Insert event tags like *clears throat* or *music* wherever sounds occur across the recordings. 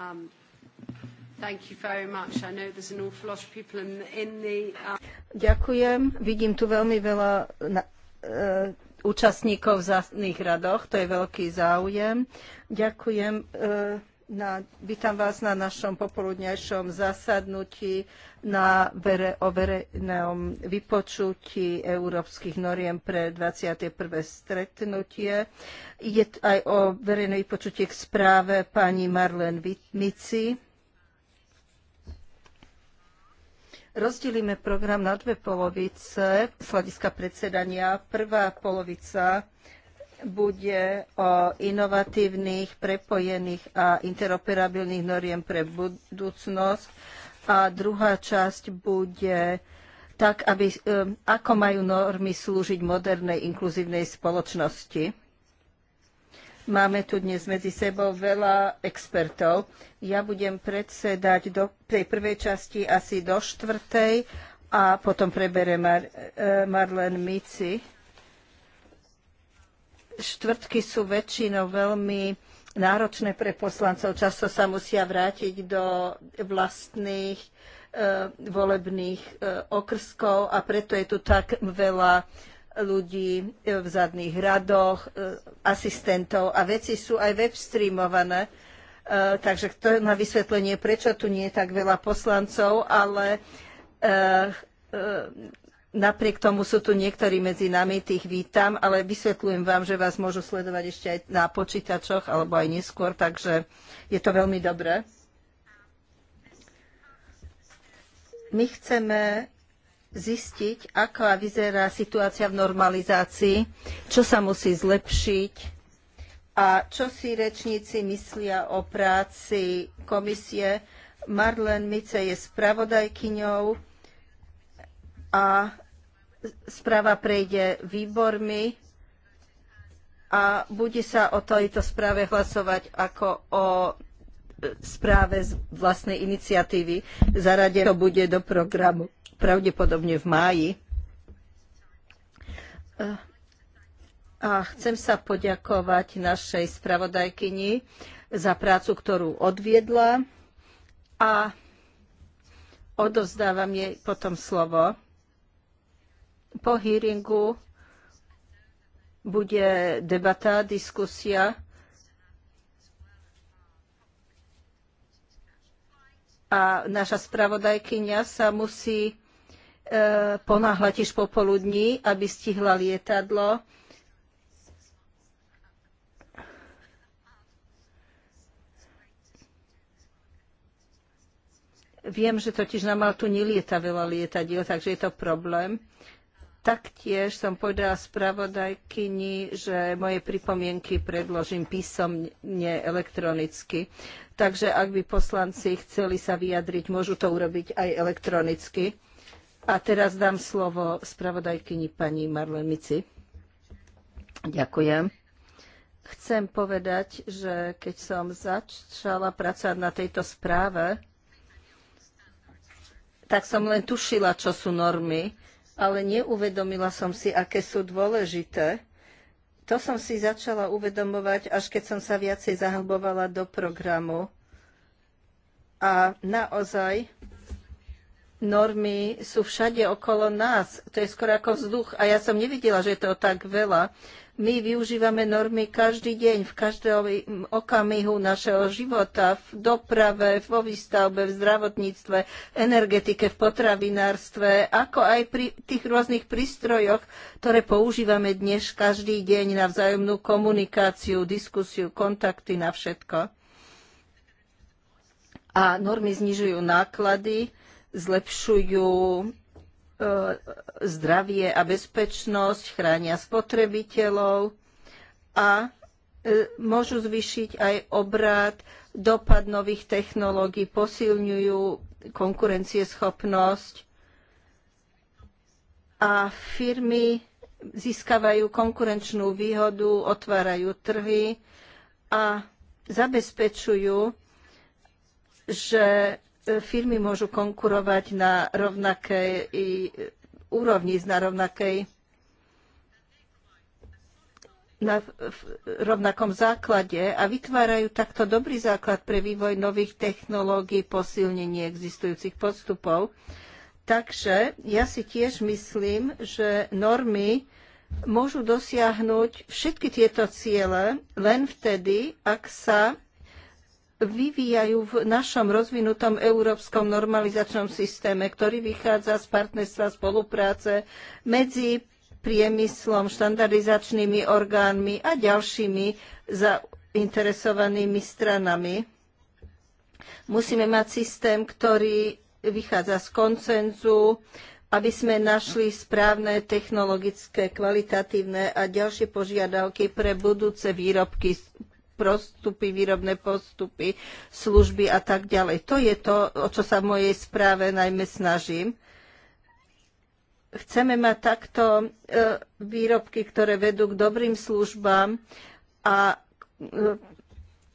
Um, thank you very much. I know there's an awful lot of people in, in the... Um... Ďakujem. Vidím tu veľmi veľa na, uh, účastníkov v zásných radoch. To je veľký záujem. Ďakujem. E, na, vítam vás na našom popoludňajšom zasadnutí na vere, o verejnom vypočutí európskych noriem pre 21. stretnutie. Je aj o verejné vypočutie k správe pani Marlen Mici. Rozdelíme program na dve polovice z hľadiska predsedania. Prvá polovica bude o inovatívnych, prepojených a interoperabilných noriem pre budúcnosť a druhá časť bude tak, aby, ako majú normy slúžiť modernej inkluzívnej spoločnosti. Máme tu dnes medzi sebou veľa expertov. Ja budem predsedať do tej prvej časti asi do štvrtej a potom preberem Mar- eh, Marlen Mici štvrtky sú väčšinou veľmi náročné pre poslancov. Často sa musia vrátiť do vlastných e, volebných e, okrskov a preto je tu tak veľa ľudí e, v zadných radoch, e, asistentov a veci sú aj webstreamované. E, takže to je na vysvetlenie, prečo tu nie je tak veľa poslancov, ale e, e Napriek tomu sú tu niektorí medzi nami, tých vítam, ale vysvetľujem vám, že vás môžu sledovať ešte aj na počítačoch alebo aj neskôr, takže je to veľmi dobré. My chceme zistiť, aká vyzerá situácia v normalizácii, čo sa musí zlepšiť a čo si rečníci myslia o práci komisie. Marlen Mice je spravodajkyňou a správa prejde výbormi a bude sa o tejto správe hlasovať ako o e, správe z vlastnej iniciatívy. Zaradené to bude do programu pravdepodobne v máji. E, a chcem sa poďakovať našej spravodajkyni za prácu, ktorú odviedla a odovzdávam jej potom slovo. Po hearingu bude debata, diskusia. A naša spravodajkyňa sa musí e, ponáhľať tiež popoludní, aby stihla lietadlo. Viem, že totiž na Maltu nelieta veľa lietadiel, takže je to problém. Taktiež som povedala spravodajkyni, že moje pripomienky predložím písomne elektronicky. Takže ak by poslanci chceli sa vyjadriť, môžu to urobiť aj elektronicky. A teraz dám slovo spravodajkyni pani Marlen Mici. Ďakujem. Chcem povedať, že keď som začala pracovať na tejto správe, tak som len tušila, čo sú normy ale neuvedomila som si, aké sú dôležité. To som si začala uvedomovať, až keď som sa viacej zahlbovala do programu. A naozaj normy sú všade okolo nás. To je skoro ako vzduch a ja som nevidela, že je to tak veľa. My využívame normy každý deň, v každom okamihu našeho života, v doprave, vo výstavbe, v zdravotníctve, energetike, v potravinárstve, ako aj pri tých rôznych prístrojoch, ktoré používame dnes každý deň na vzájomnú komunikáciu, diskusiu, kontakty, na všetko. A normy znižujú náklady, zlepšujú e, zdravie a bezpečnosť, chránia spotrebiteľov a e, môžu zvýšiť aj obrad, dopad nových technológií, posilňujú konkurencieschopnosť a firmy získavajú konkurenčnú výhodu, otvárajú trhy a zabezpečujú, že firmy môžu konkurovať na rovnakej úrovni, na rovnakej na rovnakom základe a vytvárajú takto dobrý základ pre vývoj nových technológií, posilnenie existujúcich postupov. Takže ja si tiež myslím, že normy môžu dosiahnuť všetky tieto ciele len vtedy, ak sa vyvíjajú v našom rozvinutom európskom normalizačnom systéme, ktorý vychádza z partnerstva spolupráce medzi priemyslom, štandardizačnými orgánmi a ďalšími zainteresovanými stranami. Musíme mať systém, ktorý vychádza z koncenzu, aby sme našli správne technologické, kvalitatívne a ďalšie požiadavky pre budúce výrobky postupy, výrobné postupy, služby a tak ďalej. To je to, o čo sa v mojej správe najmä snažím. Chceme mať takto e, výrobky, ktoré vedú k dobrým službám a e,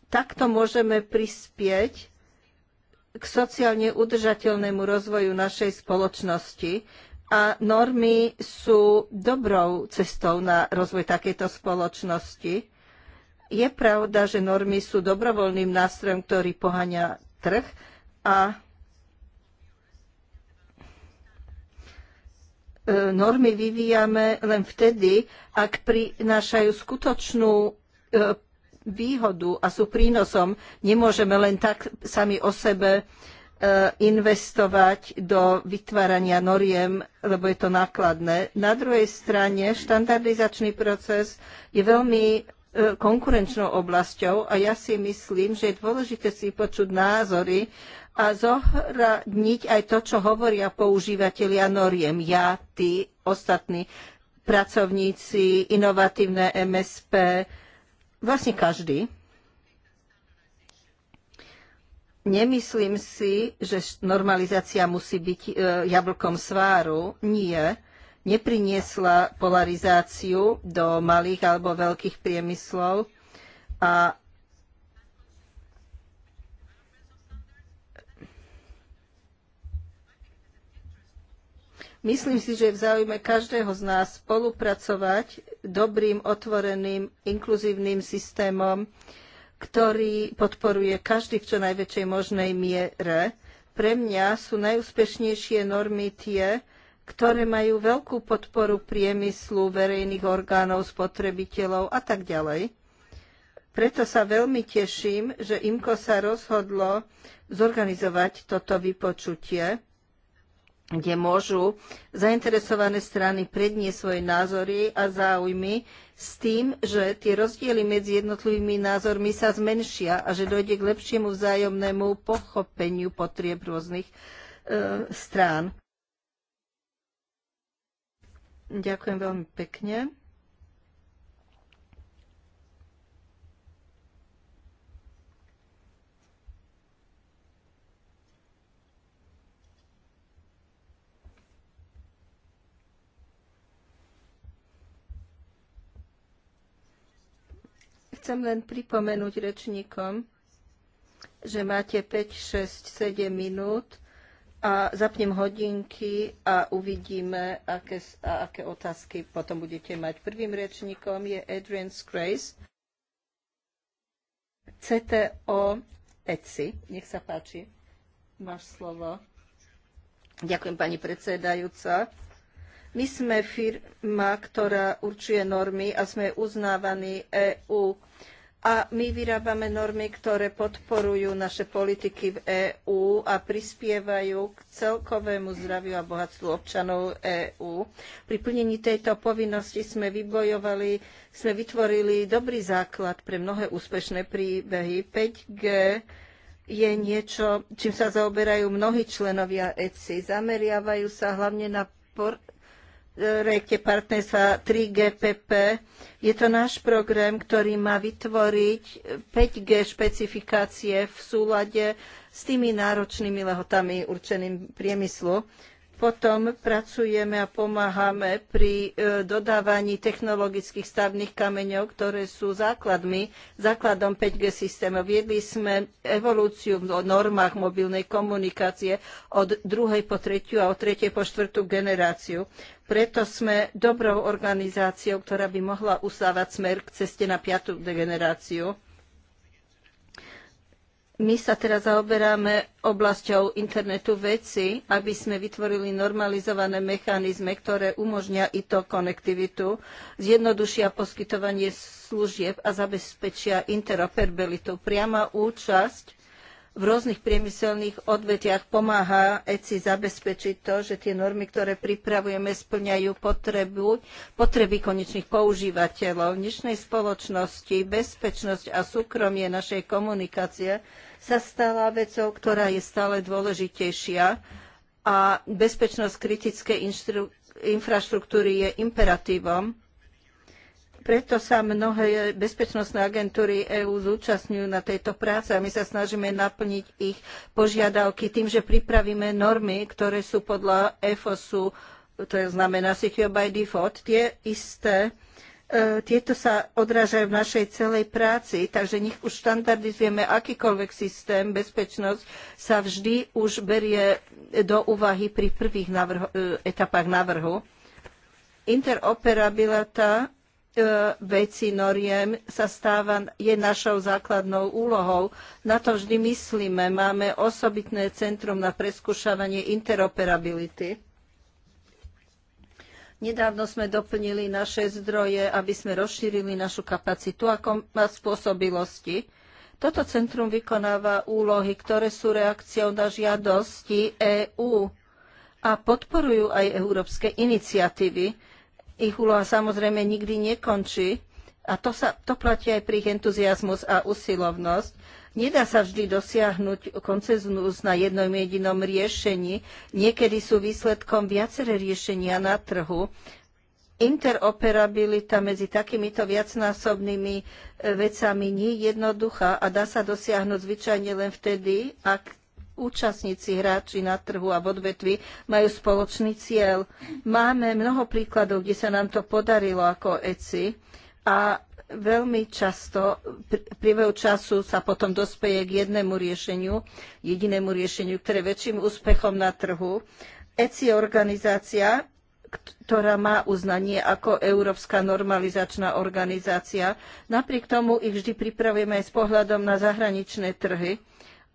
takto môžeme prispieť k sociálne udržateľnému rozvoju našej spoločnosti a normy sú dobrou cestou na rozvoj takejto spoločnosti. Je pravda, že normy sú dobrovoľným nástrojom, ktorý poháňa trh a e, normy vyvíjame len vtedy, ak prinášajú skutočnú e, výhodu a sú prínosom. Nemôžeme len tak sami o sebe e, investovať do vytvárania noriem, lebo je to nákladné. Na druhej strane štandardizačný proces je veľmi E, konkurenčnou oblasťou a ja si myslím, že je dôležité si počuť názory a zohradniť aj to, čo hovoria používateľia noriem. Ja, ty, ostatní pracovníci, inovatívne MSP, vlastne každý. Nemyslím si, že normalizácia musí byť e, jablkom sváru. Nie nepriniesla polarizáciu do malých alebo veľkých priemyslov a Myslím si, že je v záujme každého z nás spolupracovať dobrým, otvoreným, inkluzívnym systémom, ktorý podporuje každý v čo najväčšej možnej miere. Pre mňa sú najúspešnejšie normy tie, ktoré majú veľkú podporu priemyslu, verejných orgánov, spotrebiteľov a tak ďalej. Preto sa veľmi teším, že IMKO sa rozhodlo zorganizovať toto vypočutie, kde môžu zainteresované strany predniesť svoje názory a záujmy s tým, že tie rozdiely medzi jednotlivými názormi sa zmenšia a že dojde k lepšiemu vzájomnému pochopeniu potrieb rôznych e, strán. Ďakujem veľmi pekne. chcem len pripomenúť rečníkom, že máte 5, 6, 7 minút a zapnem hodinky a uvidíme, aké, a aké otázky potom budete mať. Prvým rečníkom je Adrian Scrace, CTO ECI. Nech sa páči, máš slovo. Ďakujem, pani predsedajúca. My sme firma, ktorá určuje normy a sme uznávaní EU a my vyrábame normy, ktoré podporujú naše politiky v EÚ a prispievajú k celkovému zdraviu a bohatstvu občanov EÚ. Pri plnení tejto povinnosti sme vybojovali, sme vytvorili dobrý základ pre mnohé úspešné príbehy. 5G je niečo, čím sa zaoberajú mnohí členovia ECI. Zameriavajú sa hlavne na projekte partnerstva 3GPP. Je to náš program, ktorý má vytvoriť 5G špecifikácie v súlade s tými náročnými lehotami určeným priemyslu. Potom pracujeme a pomáhame pri e, dodávaní technologických stavných kameňov, ktoré sú základmi, základom 5G systémov. Viedli sme evolúciu v normách mobilnej komunikácie od druhej po tretiu a od tretej po štvrtú generáciu. Preto sme dobrou organizáciou, ktorá by mohla usávať smer k ceste na piatu degeneráciu. My sa teraz zaoberáme oblasťou internetu veci, aby sme vytvorili normalizované mechanizmy, ktoré umožnia i to konektivitu, zjednodušia poskytovanie služieb a zabezpečia interoperabilitu. Priama účasť v rôznych priemyselných odvetiach pomáha ECI zabezpečiť to, že tie normy, ktoré pripravujeme, splňajú potrebu, potreby konečných používateľov. V dnešnej spoločnosti bezpečnosť a súkromie našej komunikácie sa stala vecou, ktorá je stále dôležitejšia a bezpečnosť kritickej infraštruktúry je imperatívom preto sa mnohé bezpečnostné agentúry EÚ zúčastňujú na tejto práce a my sa snažíme naplniť ich požiadavky tým, že pripravíme normy, ktoré sú podľa EFOSu, to je znamená Secure by Default, tie isté, e, tieto sa odrážajú v našej celej práci, takže nech už štandardizujeme akýkoľvek systém, bezpečnosť sa vždy už berie do úvahy pri prvých navrho, e, etapách návrhu. Interoperabilita E, veci noriem sa stáva, je našou základnou úlohou. Na to vždy myslíme. Máme osobitné centrum na preskúšavanie interoperability. Nedávno sme doplnili naše zdroje, aby sme rozšírili našu kapacitu a, a spôsobilosti. Toto centrum vykonáva úlohy, ktoré sú reakciou na žiadosti EÚ a podporujú aj európske iniciatívy ich úloha samozrejme nikdy nekončí a to, sa, to platí aj pri ich entuziasmus a usilovnosť. Nedá sa vždy dosiahnuť konceznus na jednom jedinom riešení. Niekedy sú výsledkom viaceré riešenia na trhu. Interoperabilita medzi takýmito viacnásobnými eh, vecami nie je jednoduchá a dá sa dosiahnuť zvyčajne len vtedy, ak účastníci, hráči na trhu a v odvetvi majú spoločný cieľ. Máme mnoho príkladov, kde sa nám to podarilo ako ECI a veľmi často priebehu času sa potom dospeje k jednému riešeniu, jedinému riešeniu, ktoré je väčším úspechom na trhu. ECI je organizácia, ktorá má uznanie ako Európska normalizačná organizácia. Napriek tomu ich vždy pripravujeme aj s pohľadom na zahraničné trhy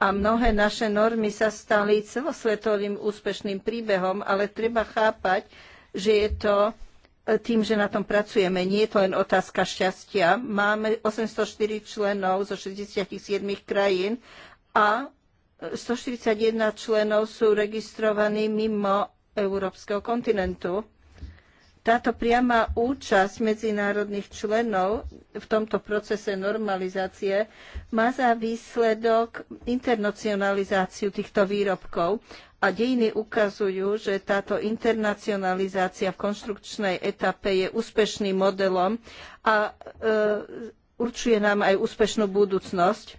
a mnohé naše normy sa stali celosvetovým úspešným príbehom, ale treba chápať, že je to e, tým, že na tom pracujeme. Nie je to len otázka šťastia. Máme 804 členov zo 67 krajín a 141 členov sú registrovaní mimo európskeho kontinentu. Táto priama účasť medzinárodných členov v tomto procese normalizácie má za výsledok internacionalizáciu týchto výrobkov a dejiny ukazujú, že táto internacionalizácia v konštrukčnej etape je úspešným modelom a e, určuje nám aj úspešnú budúcnosť.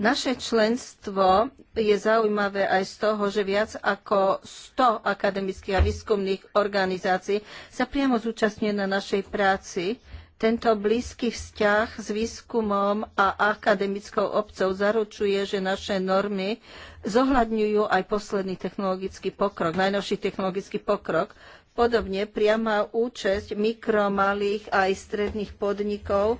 Naše členstvo je zaujímavé aj z toho, že viac ako 100 akademických a výskumných organizácií sa priamo zúčastňuje na našej práci. Tento blízky vzťah s výskumom a akademickou obcou zaručuje, že naše normy zohľadňujú aj posledný technologický pokrok, najnovší technologický pokrok. Podobne priama účasť mikro, malých a aj stredných podnikov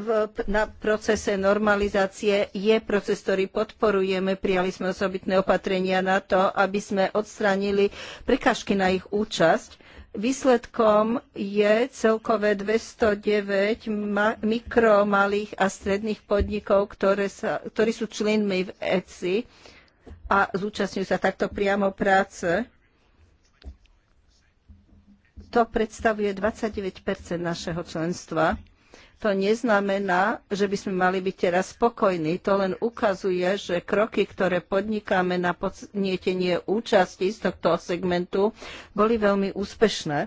v, na procese normalizácie je proces, ktorý podporujeme. Prijali sme osobitné opatrenia na to, aby sme odstránili prekažky na ich účasť. Výsledkom je celkové 209 mikro, malých a stredných podnikov, ktoré sa, ktorí sú členmi v ECI a zúčastňujú sa takto priamo práce. To predstavuje 29 našeho členstva. To neznamená, že by sme mali byť teraz spokojní. To len ukazuje, že kroky, ktoré podnikáme na podnietenie účasti z tohto segmentu, boli veľmi úspešné.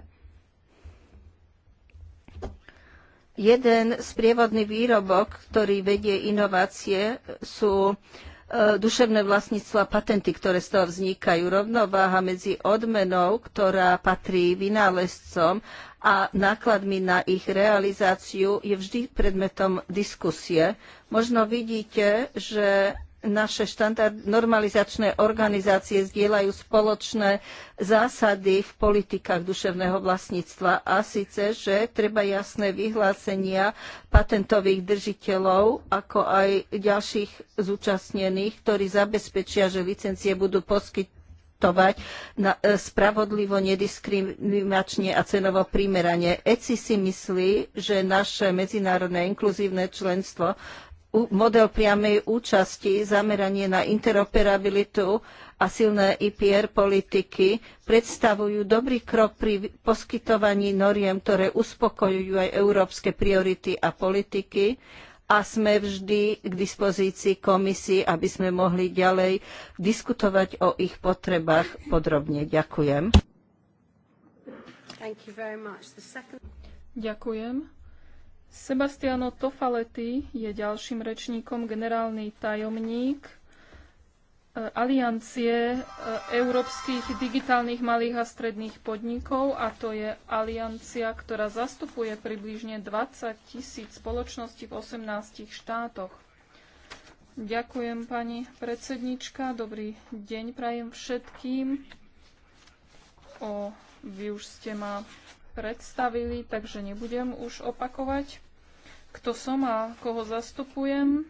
Jeden z prievodných výrobok, ktorý vedie inovácie, sú E, duševné vlastníctvo a patenty, ktoré z toho vznikajú. Rovnováha medzi odmenou, ktorá patrí vynálezcom a nákladmi na ich realizáciu je vždy predmetom diskusie. Možno vidíte, že naše štandard, normalizačné organizácie zdieľajú spoločné zásady v politikách duševného vlastníctva a síce, že treba jasné vyhlásenia patentových držiteľov, ako aj ďalších zúčastnených, ktorí zabezpečia, že licencie budú poskytovať na, e, spravodlivo, nediskriminačne a cenovo primerane. ECI si myslí, že naše medzinárodné inkluzívne členstvo model priamej účasti, zameranie na interoperabilitu a silné IPR politiky predstavujú dobrý krok pri poskytovaní noriem, ktoré uspokojujú aj európske priority a politiky a sme vždy k dispozícii komisii, aby sme mohli ďalej diskutovať o ich potrebách podrobne. Ďakujem. Second... Ďakujem. Sebastiano Tofaletti je ďalším rečníkom, generálny tajomník e, Aliancie e, európskych digitálnych malých a stredných podnikov a to je aliancia, ktorá zastupuje približne 20 tisíc spoločností v 18 štátoch. Ďakujem pani predsednička, dobrý deň prajem všetkým. O, vy už ste ma predstavili, takže nebudem už opakovať kto som a koho zastupujem.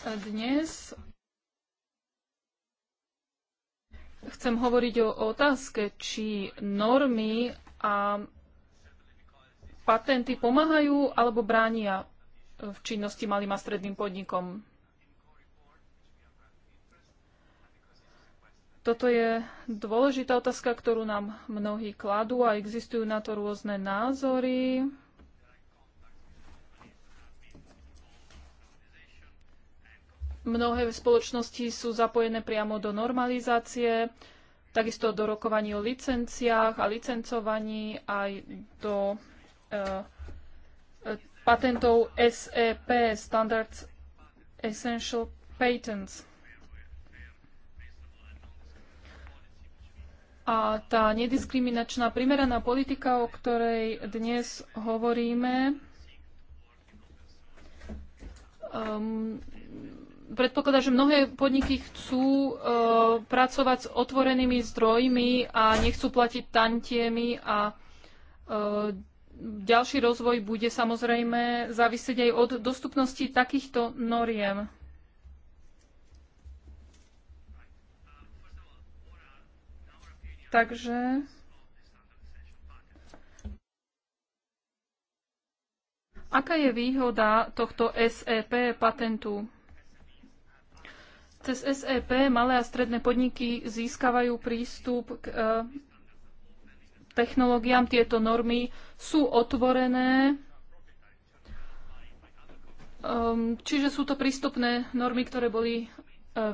Dnes chcem hovoriť o otázke, či normy a patenty pomáhajú alebo bránia v činnosti malým a stredným podnikom. Toto je dôležitá otázka, ktorú nám mnohí kladú a existujú na to rôzne názory. Mnohé spoločnosti sú zapojené priamo do normalizácie, takisto do rokovaní o licenciách a licencovaní aj do eh, eh, patentov SEP, Standards Essential Patents. A tá nediskriminačná primeraná politika, o ktorej dnes hovoríme, um, predpokladá, že mnohé podniky chcú uh, pracovať s otvorenými zdrojmi a nechcú platiť tantiemy a uh, ďalší rozvoj bude samozrejme závisieť aj od dostupnosti takýchto noriem. Takže aká je výhoda tohto SEP patentu? Cez SEP malé a stredné podniky získavajú prístup k e, technológiám. Tieto normy sú otvorené, um, čiže sú to prístupné normy, ktoré boli e,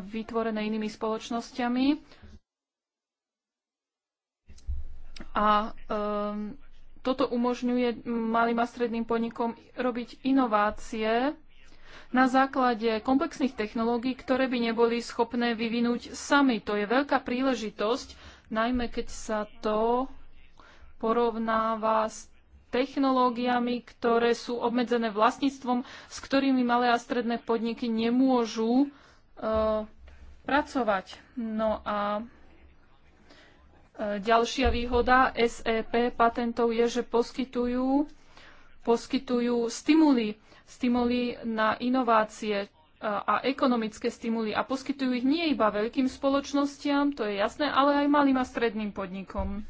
vytvorené inými spoločnosťami. A um, toto umožňuje malým a stredným podnikom robiť inovácie na základe komplexných technológií, ktoré by neboli schopné vyvinúť sami. To je veľká príležitosť, najmä keď sa to porovnáva s technológiami, ktoré sú obmedzené vlastníctvom, s ktorými malé a stredné podniky nemôžu uh, pracovať. No a E, ďalšia výhoda SEP patentov je, že poskytujú, poskytujú stimuly, stimuly na inovácie e, a ekonomické stimuly a poskytujú ich nie iba veľkým spoločnostiam, to je jasné, ale aj malým a stredným podnikom.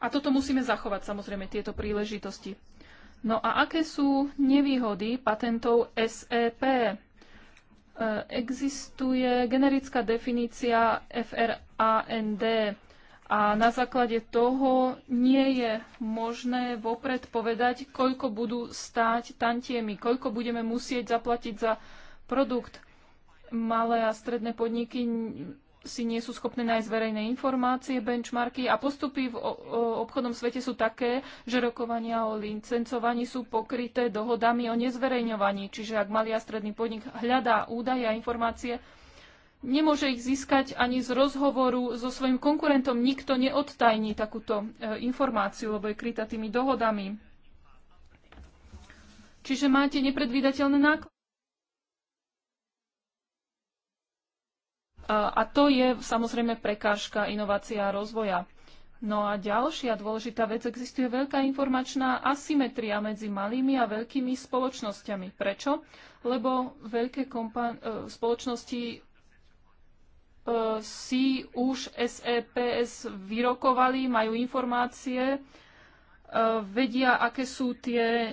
A toto musíme zachovať samozrejme tieto príležitosti. No a aké sú nevýhody patentov SEP? E, existuje generická definícia FRAND a na základe toho nie je možné vopred povedať, koľko budú stáť tantiemi, koľko budeme musieť zaplatiť za produkt. Malé a stredné podniky si nie sú schopné nájsť verejné informácie, benchmarky a postupy v obchodnom svete sú také, že rokovania o licencovaní sú pokryté dohodami o nezverejňovaní. Čiže ak malý a stredný podnik hľadá údaje a informácie, nemôže ich získať ani z rozhovoru so svojim konkurentom. Nikto neodtajní takúto e, informáciu, lebo je krytá tými dohodami. Čiže máte nepredvídateľné náklady. A to je samozrejme prekážka inovácia a rozvoja. No a ďalšia dôležitá vec, existuje veľká informačná asymetria medzi malými a veľkými spoločnosťami. Prečo? Lebo veľké e, spoločnosti e, si už SEPS e vyrokovali, majú informácie Eh, vedia, aké sú tie eh,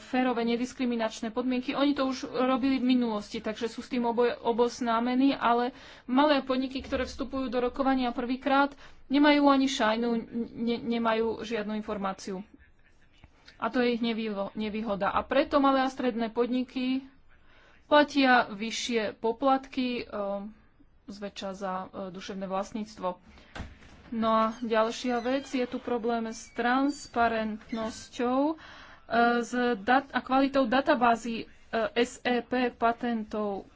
férové nediskriminačné podmienky. Oni to už robili v minulosti, takže sú s tým obo, oboznámení, ale malé podniky, ktoré vstupujú do rokovania prvýkrát, nemajú ani šajnu, ne, nemajú žiadnu informáciu. A to je ich nevýhoda. A preto malé a stredné podniky platia vyššie poplatky, eh, zväčša za duševné vlastníctvo. No a ďalšia vec, je tu problém s transparentnosťou e, s dat- a kvalitou databázy e, SEP patentov,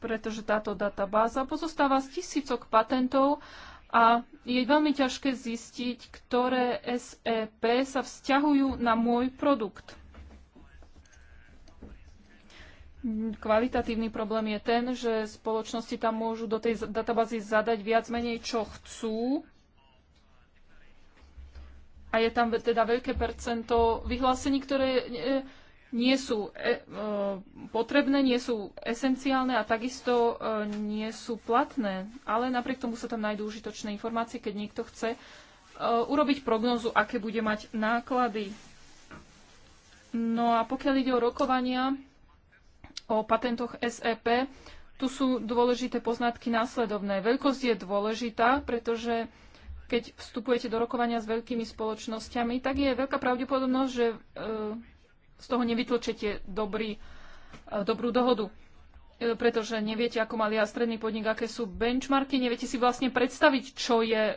pretože táto databáza pozostáva z tisícok patentov a je veľmi ťažké zistiť, ktoré SEP sa vzťahujú na môj produkt kvalitatívny problém je ten, že spoločnosti tam môžu do tej databázy zadať viac menej, čo chcú. A je tam teda veľké percento vyhlásení, ktoré e, nie sú e, e, potrebné, nie sú esenciálne a takisto nie sú platné. Ale napriek tomu sa tam nájdú užitočné informácie, keď niekto chce urobiť prognozu, aké bude mať náklady. No a pokiaľ ide o rokovania, o patentoch SEP, tu sú dôležité poznatky následovné. Veľkosť je dôležitá, pretože keď vstupujete do rokovania s veľkými spoločnosťami, tak je veľká pravdepodobnosť, že e, z toho nevytlčete dobrý, e, dobrú dohodu e, pretože neviete, ako mali a stredný podnik, aké sú benchmarky, neviete si vlastne predstaviť, čo je e,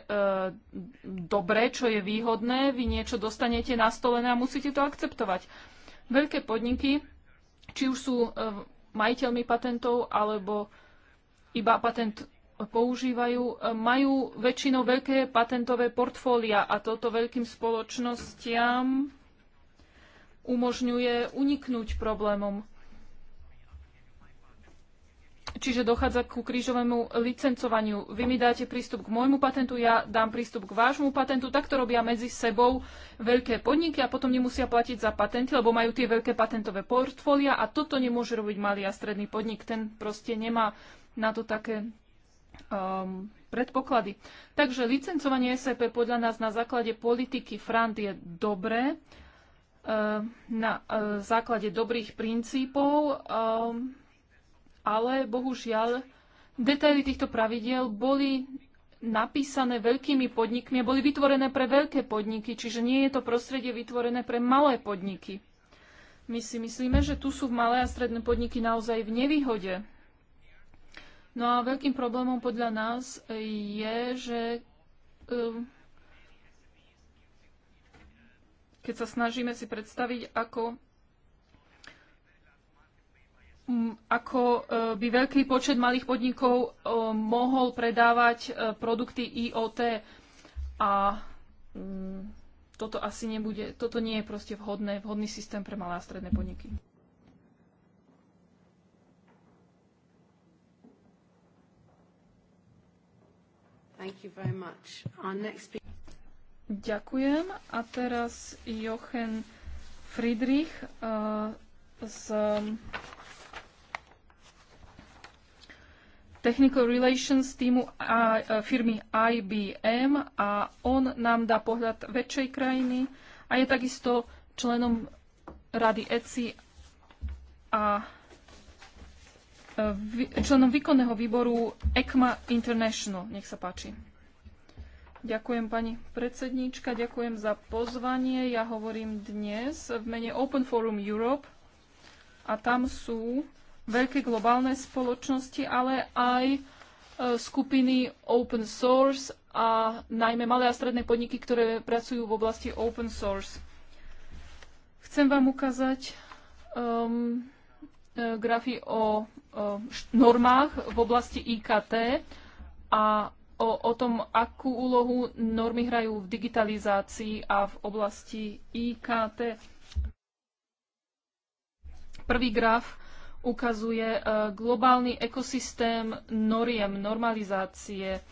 dobré, čo je výhodné, vy niečo dostanete na stole a musíte to akceptovať. Veľké podniky či už sú e, majiteľmi patentov alebo iba patent používajú, e, majú väčšinou veľké patentové portfólia a toto veľkým spoločnostiam umožňuje uniknúť problémom. Čiže dochádza ku krížovému licencovaniu. Vy mi dáte prístup k môjmu patentu, ja dám prístup k vášmu patentu. Tak to robia medzi sebou veľké podniky a potom nemusia platiť za patenty, lebo majú tie veľké patentové portfólia a toto nemôže robiť malý a stredný podnik. Ten proste nemá na to také um, predpoklady. Takže licencovanie SAP podľa nás na základe politiky FRAND je dobré, um, na uh, základe dobrých princípov. Um, ale bohužiaľ detaily týchto pravidiel boli napísané veľkými podnikmi a boli vytvorené pre veľké podniky, čiže nie je to prostredie vytvorené pre malé podniky. My si myslíme, že tu sú malé a stredné podniky naozaj v nevýhode. No a veľkým problémom podľa nás je, že eh, keď sa snažíme si predstaviť, ako ako e, by veľký počet malých podnikov e, mohol predávať e, produkty IoT. A toto asi nebude, toto nie je proste vhodné, vhodný systém pre malé a stredné podniky. Next... Ďakujem. A teraz Jochen Friedrich uh, z Technical Relations týmu firmy IBM a on nám dá pohľad väčšej krajiny a je takisto členom rady ECI a e, členom výkonného výboru ECMA International. Nech sa páči. Ďakujem pani predsedníčka, ďakujem za pozvanie. Ja hovorím dnes v mene Open Forum Europe a tam sú veľké globálne spoločnosti, ale aj e, skupiny open source a najmä malé a stredné podniky, ktoré pracujú v oblasti open source. Chcem vám ukázať um, e, grafy o, o normách v oblasti IKT a o, o tom, akú úlohu normy hrajú v digitalizácii a v oblasti IKT. Prvý graf ukazuje e, globálny ekosystém noriem, normalizácie. E,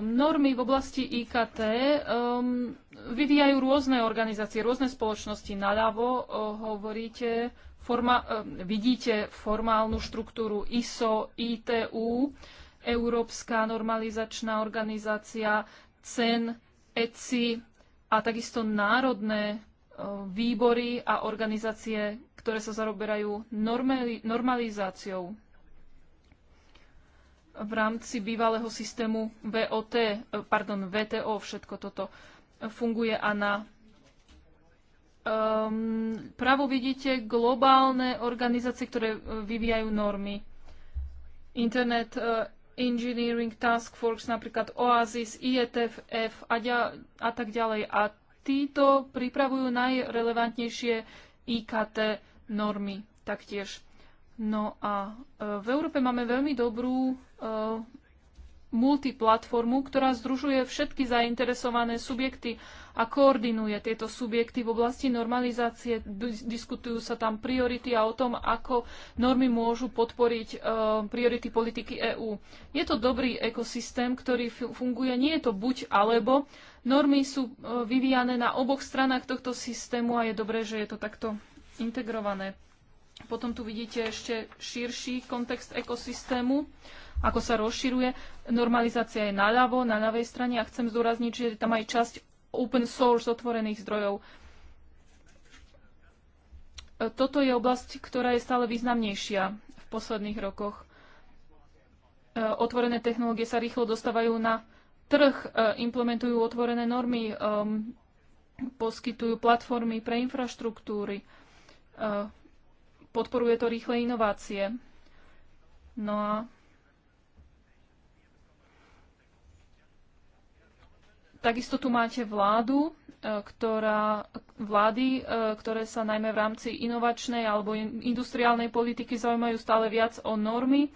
normy v oblasti IKT e, vyvíjajú rôzne organizácie, rôzne spoločnosti. Naľavo hovoríte, forma, vidíte formálnu štruktúru ISO, ITU, Európska normalizačná organizácia, CEN, ECI a takisto národné výbory a organizácie ktoré sa zaoberajú normalizáciou v rámci bývalého systému VOT, eh, pardon, VTO, všetko toto funguje a na um, ehm, pravo vidíte globálne organizácie, ktoré eh, vyvíjajú normy. Internet eh, Engineering Task Force, napríklad OASIS, IETF a, ďa, a tak ďalej. A títo pripravujú najrelevantnejšie IKT normy taktiež. No a e, v Európe máme veľmi dobrú e, multiplatformu, ktorá združuje všetky zainteresované subjekty a koordinuje tieto subjekty v oblasti normalizácie. Diskutujú sa tam priority a o tom, ako normy môžu podporiť e, priority politiky EÚ. Je to dobrý ekosystém, ktorý funguje. Nie je to buď alebo. Normy sú vyvíjane na oboch stranách tohto systému a je dobré, že je to takto integrované. Potom tu vidíte ešte širší kontext ekosystému, ako sa rozširuje. Normalizácia je naľavo, na ľavej strane a chcem zdôrazniť, že tam aj časť open source otvorených zdrojov. Toto je oblasť, ktorá je stále významnejšia v posledných rokoch. E, otvorené technológie sa rýchlo dostávajú na trh, e, implementujú otvorené normy, e, poskytujú platformy pre infraštruktúry, Eh, podporuje to rýchle inovácie. No a takisto tu máte vládu, eh, ktorá, vlády, eh, ktoré sa najmä v rámci inovačnej alebo industriálnej politiky zaujímajú stále viac o normy.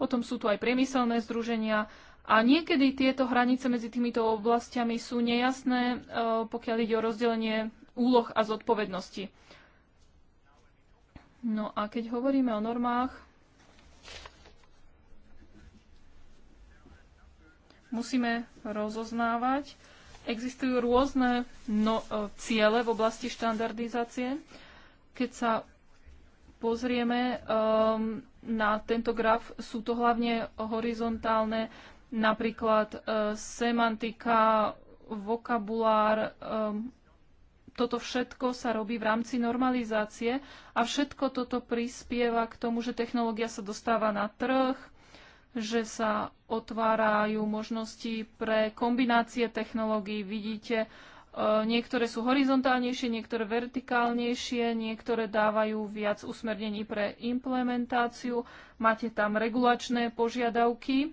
Potom sú tu aj priemyselné združenia a niekedy tieto hranice medzi týmito oblastiami sú nejasné, pokiaľ ide o rozdelenie úloh a zodpovednosti. No a keď hovoríme o normách, musíme rozoznávať. Existujú rôzne no, e, ciele v oblasti štandardizácie. Keď sa pozrieme um, na tento graf, sú to hlavne horizontálne, napríklad uh, semantika, vokabulár, um, ehm, toto všetko sa robí v rámci normalizácie a všetko toto prispieva k tomu, že technológia sa dostáva na trh, že sa otvárajú možnosti pre kombinácie technológií. Vidíte, e, niektoré sú horizontálnejšie, niektoré vertikálnejšie, niektoré dávajú viac usmernení pre implementáciu. Máte tam regulačné požiadavky,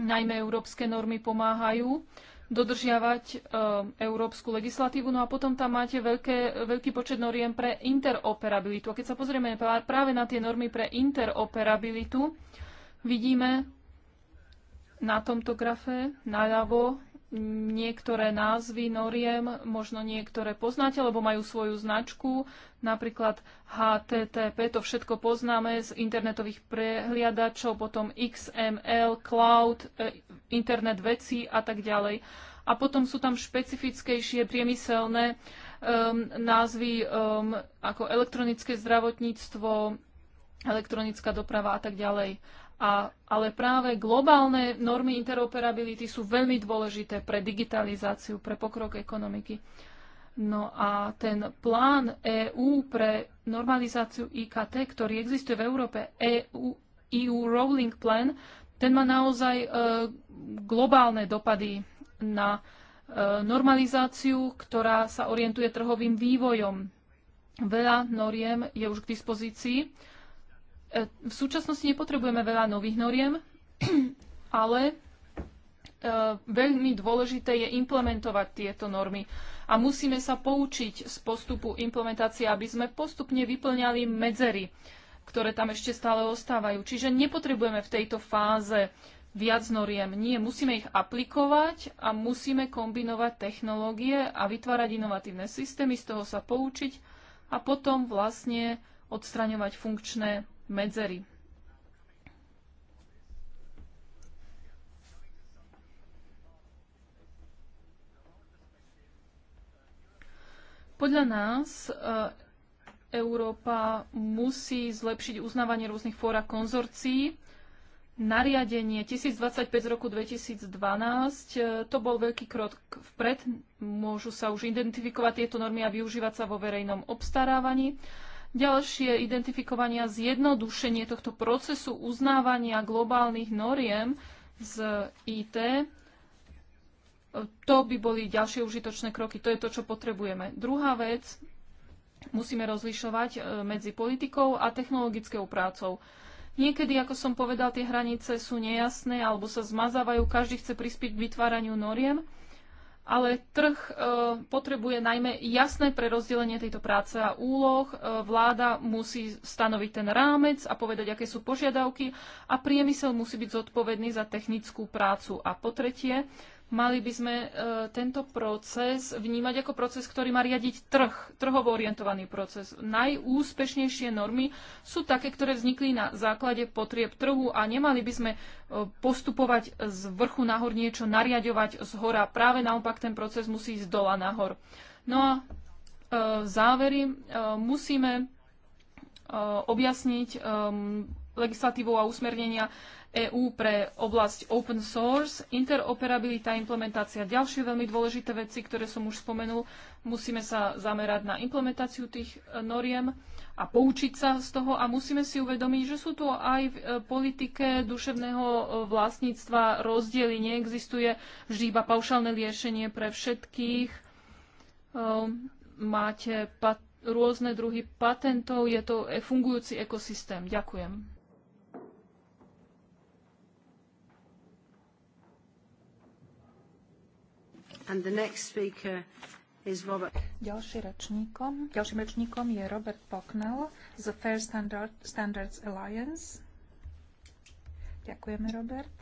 najmä európske normy pomáhajú dodržiavať eh, európsku legislatívu. No a potom tam máte veľké, veľký počet noriem pre interoperabilitu. A keď sa pozrieme práve na tie normy pre interoperabilitu, vidíme na tomto grafe naľavo niektoré názvy noriem, možno niektoré poznáte, lebo majú svoju značku, napríklad HTTP, to všetko poznáme z internetových prehliadačov, potom XML, cloud, e, internet veci a tak ďalej. A potom sú tam špecifickejšie priemyselné um, názvy um, ako elektronické zdravotníctvo, elektronická doprava a tak ďalej. A, ale práve globálne normy interoperability sú veľmi dôležité pre digitalizáciu, pre pokrok ekonomiky. No a ten plán EÚ pre normalizáciu IKT, ktorý existuje v Európe, EU, EU Rolling Plan, ten má naozaj e, globálne dopady na e, normalizáciu, ktorá sa orientuje trhovým vývojom. Veľa noriem je už k dispozícii v súčasnosti nepotrebujeme veľa nových noriem, *clears throat* ale e, veľmi dôležité je implementovať tieto normy a musíme sa poučiť z postupu implementácie, aby sme postupne vyplňali medzery, ktoré tam ešte stále ostávajú. Čiže nepotrebujeme v tejto fáze viac noriem. Nie, musíme ich aplikovať a musíme kombinovať technológie a vytvárať inovatívne systémy, z toho sa poučiť a potom vlastne odstraňovať funkčné medzery. Podľa nás eh, Európa musí zlepšiť uznávanie rôznych fóra konzorcií. Nariadenie 1025 z roku 2012, eh, to bol veľký krok vpred. Môžu sa už identifikovať tieto normy a využívať sa vo verejnom obstarávaní. Ďalšie identifikovanie a zjednodušenie tohto procesu uznávania globálnych noriem z IT. To by boli ďalšie užitočné kroky. To je to, čo potrebujeme. Druhá vec, musíme rozlišovať e, medzi politikou a technologickou prácou. Niekedy, ako som povedal, tie hranice sú nejasné alebo sa zmazávajú. Každý chce prispieť k vytváraniu noriem ale trh e, potrebuje najmä jasné prerozdelenie tejto práce a úloh. E, vláda musí stanoviť ten rámec a povedať, aké sú požiadavky a priemysel musí byť zodpovedný za technickú prácu. A po tretie, Mali by sme e, tento proces vnímať ako proces, ktorý má riadiť trh, trhovo orientovaný proces. Najúspešnejšie normy sú také, ktoré vznikli na základe potrieb trhu a nemali by sme e, postupovať z vrchu nahor niečo, nariadovať z hora. Práve naopak ten proces musí ísť dola nahor. No a e, závery musíme objasniť legislatívou a usmernenia EÚ pre oblasť open source, interoperabilita, implementácia, ďalšie veľmi dôležité veci, ktoré som už spomenul. Musíme sa zamerať na implementáciu tých e, noriem a poučiť sa z toho a musíme si uvedomiť, že sú tu aj v e, politike duševného e, vlastníctva rozdiely. Neexistuje vždy iba paušálne riešenie pre všetkých. Máte rôzne druhy patentov, je to fungujúci ekosystém. Ďakujem. And the next speaker is Robert. Ďalší rečníkom, ďalším rečníkom je Robert Pocknell z Fair Standard, Standards Alliance. Ďakujeme, Robert.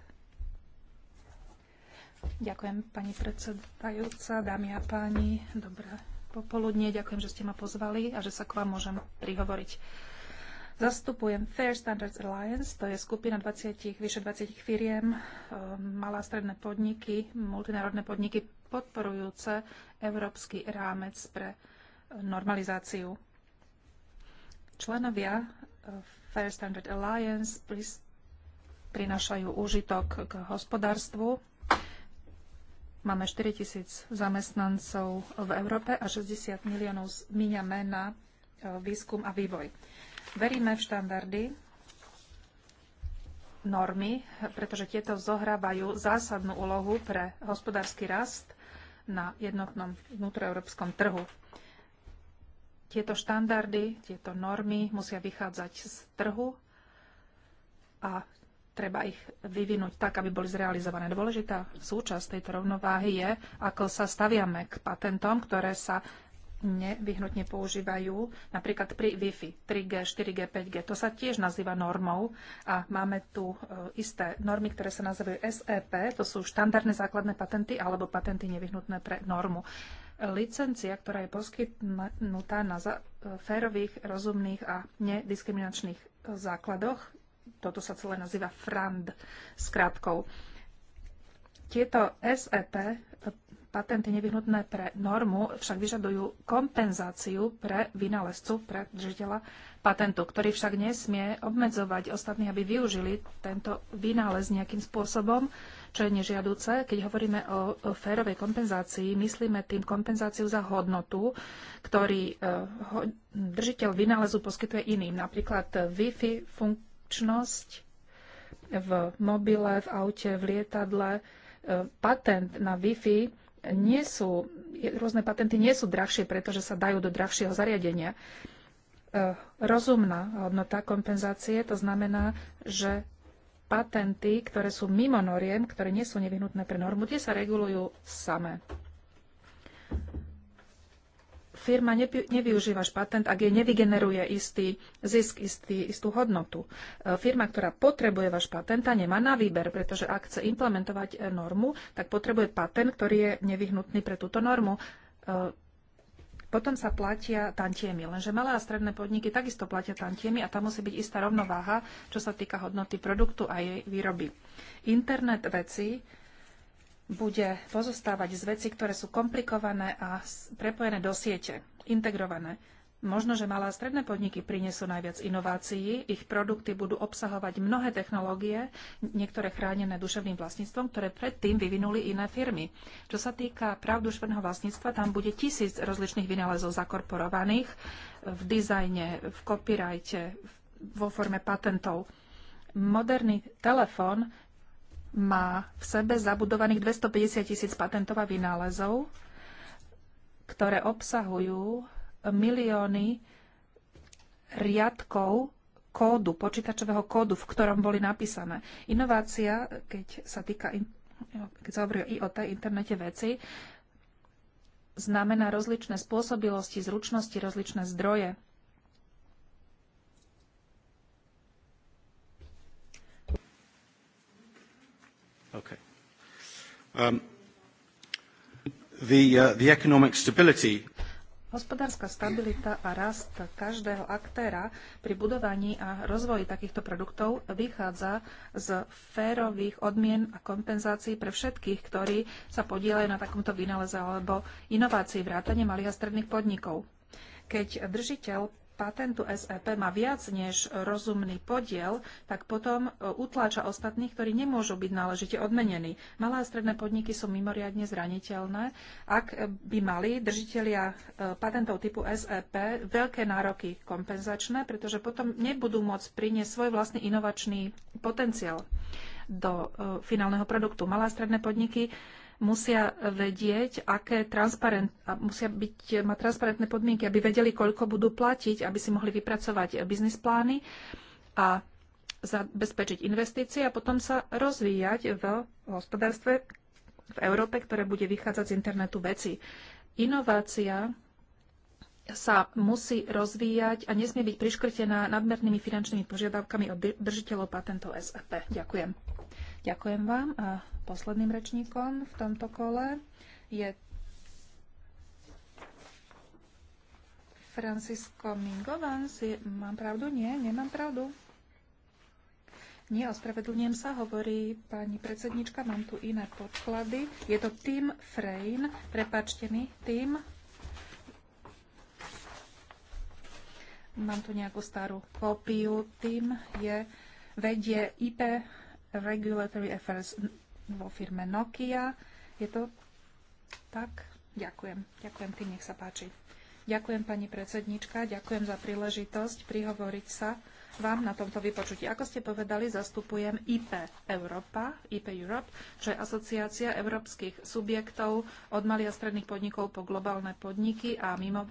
Ďakujem, pani predsedajúca, dámy a páni. Dobré popoludne. Ďakujem, že ste ma pozvali a že sa k vám môžem prihovoriť. Zastupujem Fair Standards Alliance, to je skupina 20, vyše 20 firiem, eh, malá stredné podniky, multinárodné podniky podporujúce európsky rámec pre normalizáciu. Členovia eh, Fair Standard Alliance prinášajú úžitok k hospodárstvu. Máme 4 tisíc zamestnancov v Európe a 60 miliónov míňame na eh, výskum a vývoj. Veríme v štandardy, normy, pretože tieto zohrávajú zásadnú úlohu pre hospodársky rast – na jednotnom vnútroeurópskom trhu. Tieto štandardy, tieto normy musia vychádzať z trhu a treba ich vyvinúť tak, aby boli zrealizované. Dôležitá súčasť tejto rovnováhy je, ako sa staviame k patentom, ktoré sa nevyhnutne používajú napríklad pri Wi-Fi 3G, 4G, 5G. To sa tiež nazýva normou a máme tu e, isté normy, ktoré sa nazývajú SEP, to sú štandardné základné patenty alebo patenty nevyhnutné pre normu. Licencia, ktorá je poskytnutá na e, férových, rozumných a nediskriminačných e, základoch, toto sa celé nazýva FRAND s krátkou. Tieto SEP patenty nevyhnutné pre normu však vyžadujú kompenzáciu pre vynálezcu, pre držiteľa patentu, ktorý však nesmie obmedzovať ostatných, aby využili tento vynález nejakým spôsobom, čo je nežiaduce. Keď hovoríme o, férovej kompenzácii, myslíme tým kompenzáciu za hodnotu, ktorý e, držiteľ vynálezu poskytuje iným. Napríklad Wi-Fi funkčnosť v mobile, v aute, v lietadle, e, patent na Wi-Fi nie sú, rôzne patenty nie sú drahšie, pretože sa dajú do drahšieho zariadenia. Eh, rozumná hodnota kompenzácie to znamená, že patenty, ktoré sú mimo noriem, ktoré nie sú nevyhnutné pre normu, tie sa regulujú samé firma nevyužívaš patent, ak jej nevygeneruje istý zisk, istý, istú hodnotu. E, firma, ktorá potrebuje váš patent, a nemá na výber, pretože ak chce implementovať e, normu, tak potrebuje patent, ktorý je nevyhnutný pre túto normu. E, potom sa platia tantiemy, lenže malé a stredné podniky takisto platia tantiemy a tam musí byť istá rovnováha, čo sa týka hodnoty produktu a jej výroby. Internet veci bude pozostávať z veci, ktoré sú komplikované a prepojené do siete, integrované. Možno, že malé a stredné podniky prinesú najviac inovácií, ich produkty budú obsahovať mnohé technológie, niektoré chránené duševným vlastníctvom, ktoré predtým vyvinuli iné firmy. Čo sa týka práv duševného vlastníctva, tam bude tisíc rozličných vynálezov zakorporovaných v dizajne, v copyrighte, vo forme patentov. Moderný telefón má v sebe zabudovaných 250 tisíc patentov a vynálezov, ktoré obsahujú milióny riadkov kódu, počítačového kódu, v ktorom boli napísané. Inovácia, keď sa týka keď sa hovorí o IoT, internete veci, znamená rozličné spôsobilosti, zručnosti, rozličné zdroje. Okay. Um, the, uh, the economic stability Hospodárska stabilita a rast každého aktéra pri budovaní a rozvoji takýchto produktov vychádza z férových odmien a kompenzácií pre všetkých, ktorí sa podielajú na takomto vynáleze alebo inovácii vrátane malých a stredných podnikov. Keď držiteľ patentu SEP má viac než rozumný podiel, tak potom e, utláča ostatných, ktorí nemôžu byť náležite odmenení. Malé a stredné podniky sú mimoriadne zraniteľné, ak e, by mali držitelia e, patentov typu SEP veľké nároky kompenzačné, pretože potom nebudú môcť priniesť svoj vlastný inovačný potenciál do finálneho produktu. Malé a stredné podniky musia vedieť, aké transparent, musia byť, mať transparentné podmienky, aby vedeli, koľko budú platiť, aby si mohli vypracovať biznis plány a zabezpečiť investície a potom sa rozvíjať v hospodárstve v Európe, ktoré bude vychádzať z internetu veci. Inovácia sa musí rozvíjať a nesmie byť priškrtená nadmernými finančnými požiadavkami od držiteľov patentov SFP. Ďakujem. Ďakujem vám. A posledným rečníkom v tomto kole je Francisco Mingovans. Mám pravdu? Nie, nemám pravdu. Nie, ospravedlňujem sa, hovorí pani predsednička, mám tu iné podklady. Je to Tim Frein, prepačte mi, Tim. Mám tu nejakú starú kópiu. Tim je, vedie IP Regulatory Affairs vo firme Nokia. Je to tak? Ďakujem. Ďakujem ty, nech sa páči. Ďakujem pani predsednička, ďakujem za príležitosť prihovoriť sa vám na tomto vypočutí. Ako ste povedali, zastupujem IP Európa, IP Europe, čo je asociácia európskych subjektov od malých a stredných podnikov po globálne podniky a mimo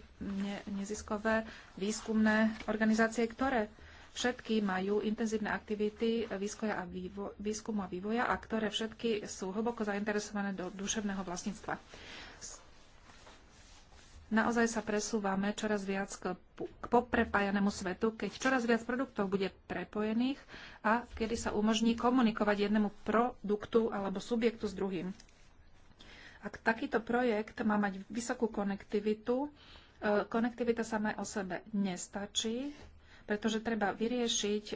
neziskové výskumné organizácie, ktoré všetky majú intenzívne aktivity a vývo- výskumu a vývoja a ktoré všetky sú hlboko zainteresované do duševného vlastníctva. Naozaj sa presúvame čoraz viac k, k poprepájanému svetu, keď čoraz viac produktov bude prepojených a kedy sa umožní komunikovať jednému produktu alebo subjektu s druhým. Ak takýto projekt má mať vysokú konektivitu, e, konektivita samé o sebe nestačí, pretože treba vyriešiť e,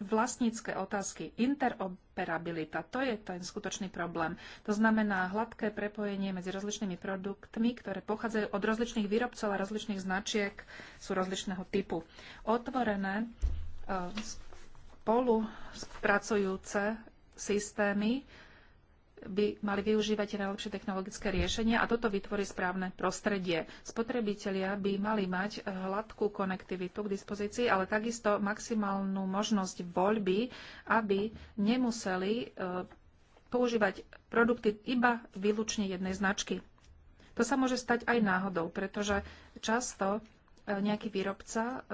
vlastnícke otázky. Interoperabilita, to je ten skutočný problém. To znamená hladké prepojenie medzi rozličnými produktmi, ktoré pochádzajú od rozličných výrobcov a rozličných značiek, sú rozličného typu. Otvorené e, spolupracujúce systémy by mali využívať najlepšie technologické riešenia a toto vytvorí správne prostredie. Spotrebitelia by mali mať eh, hladkú konektivitu k dispozícii, ale takisto maximálnu možnosť voľby, aby nemuseli eh, používať produkty iba výlučne jednej značky. To sa môže stať aj náhodou, pretože často eh, nejaký výrobca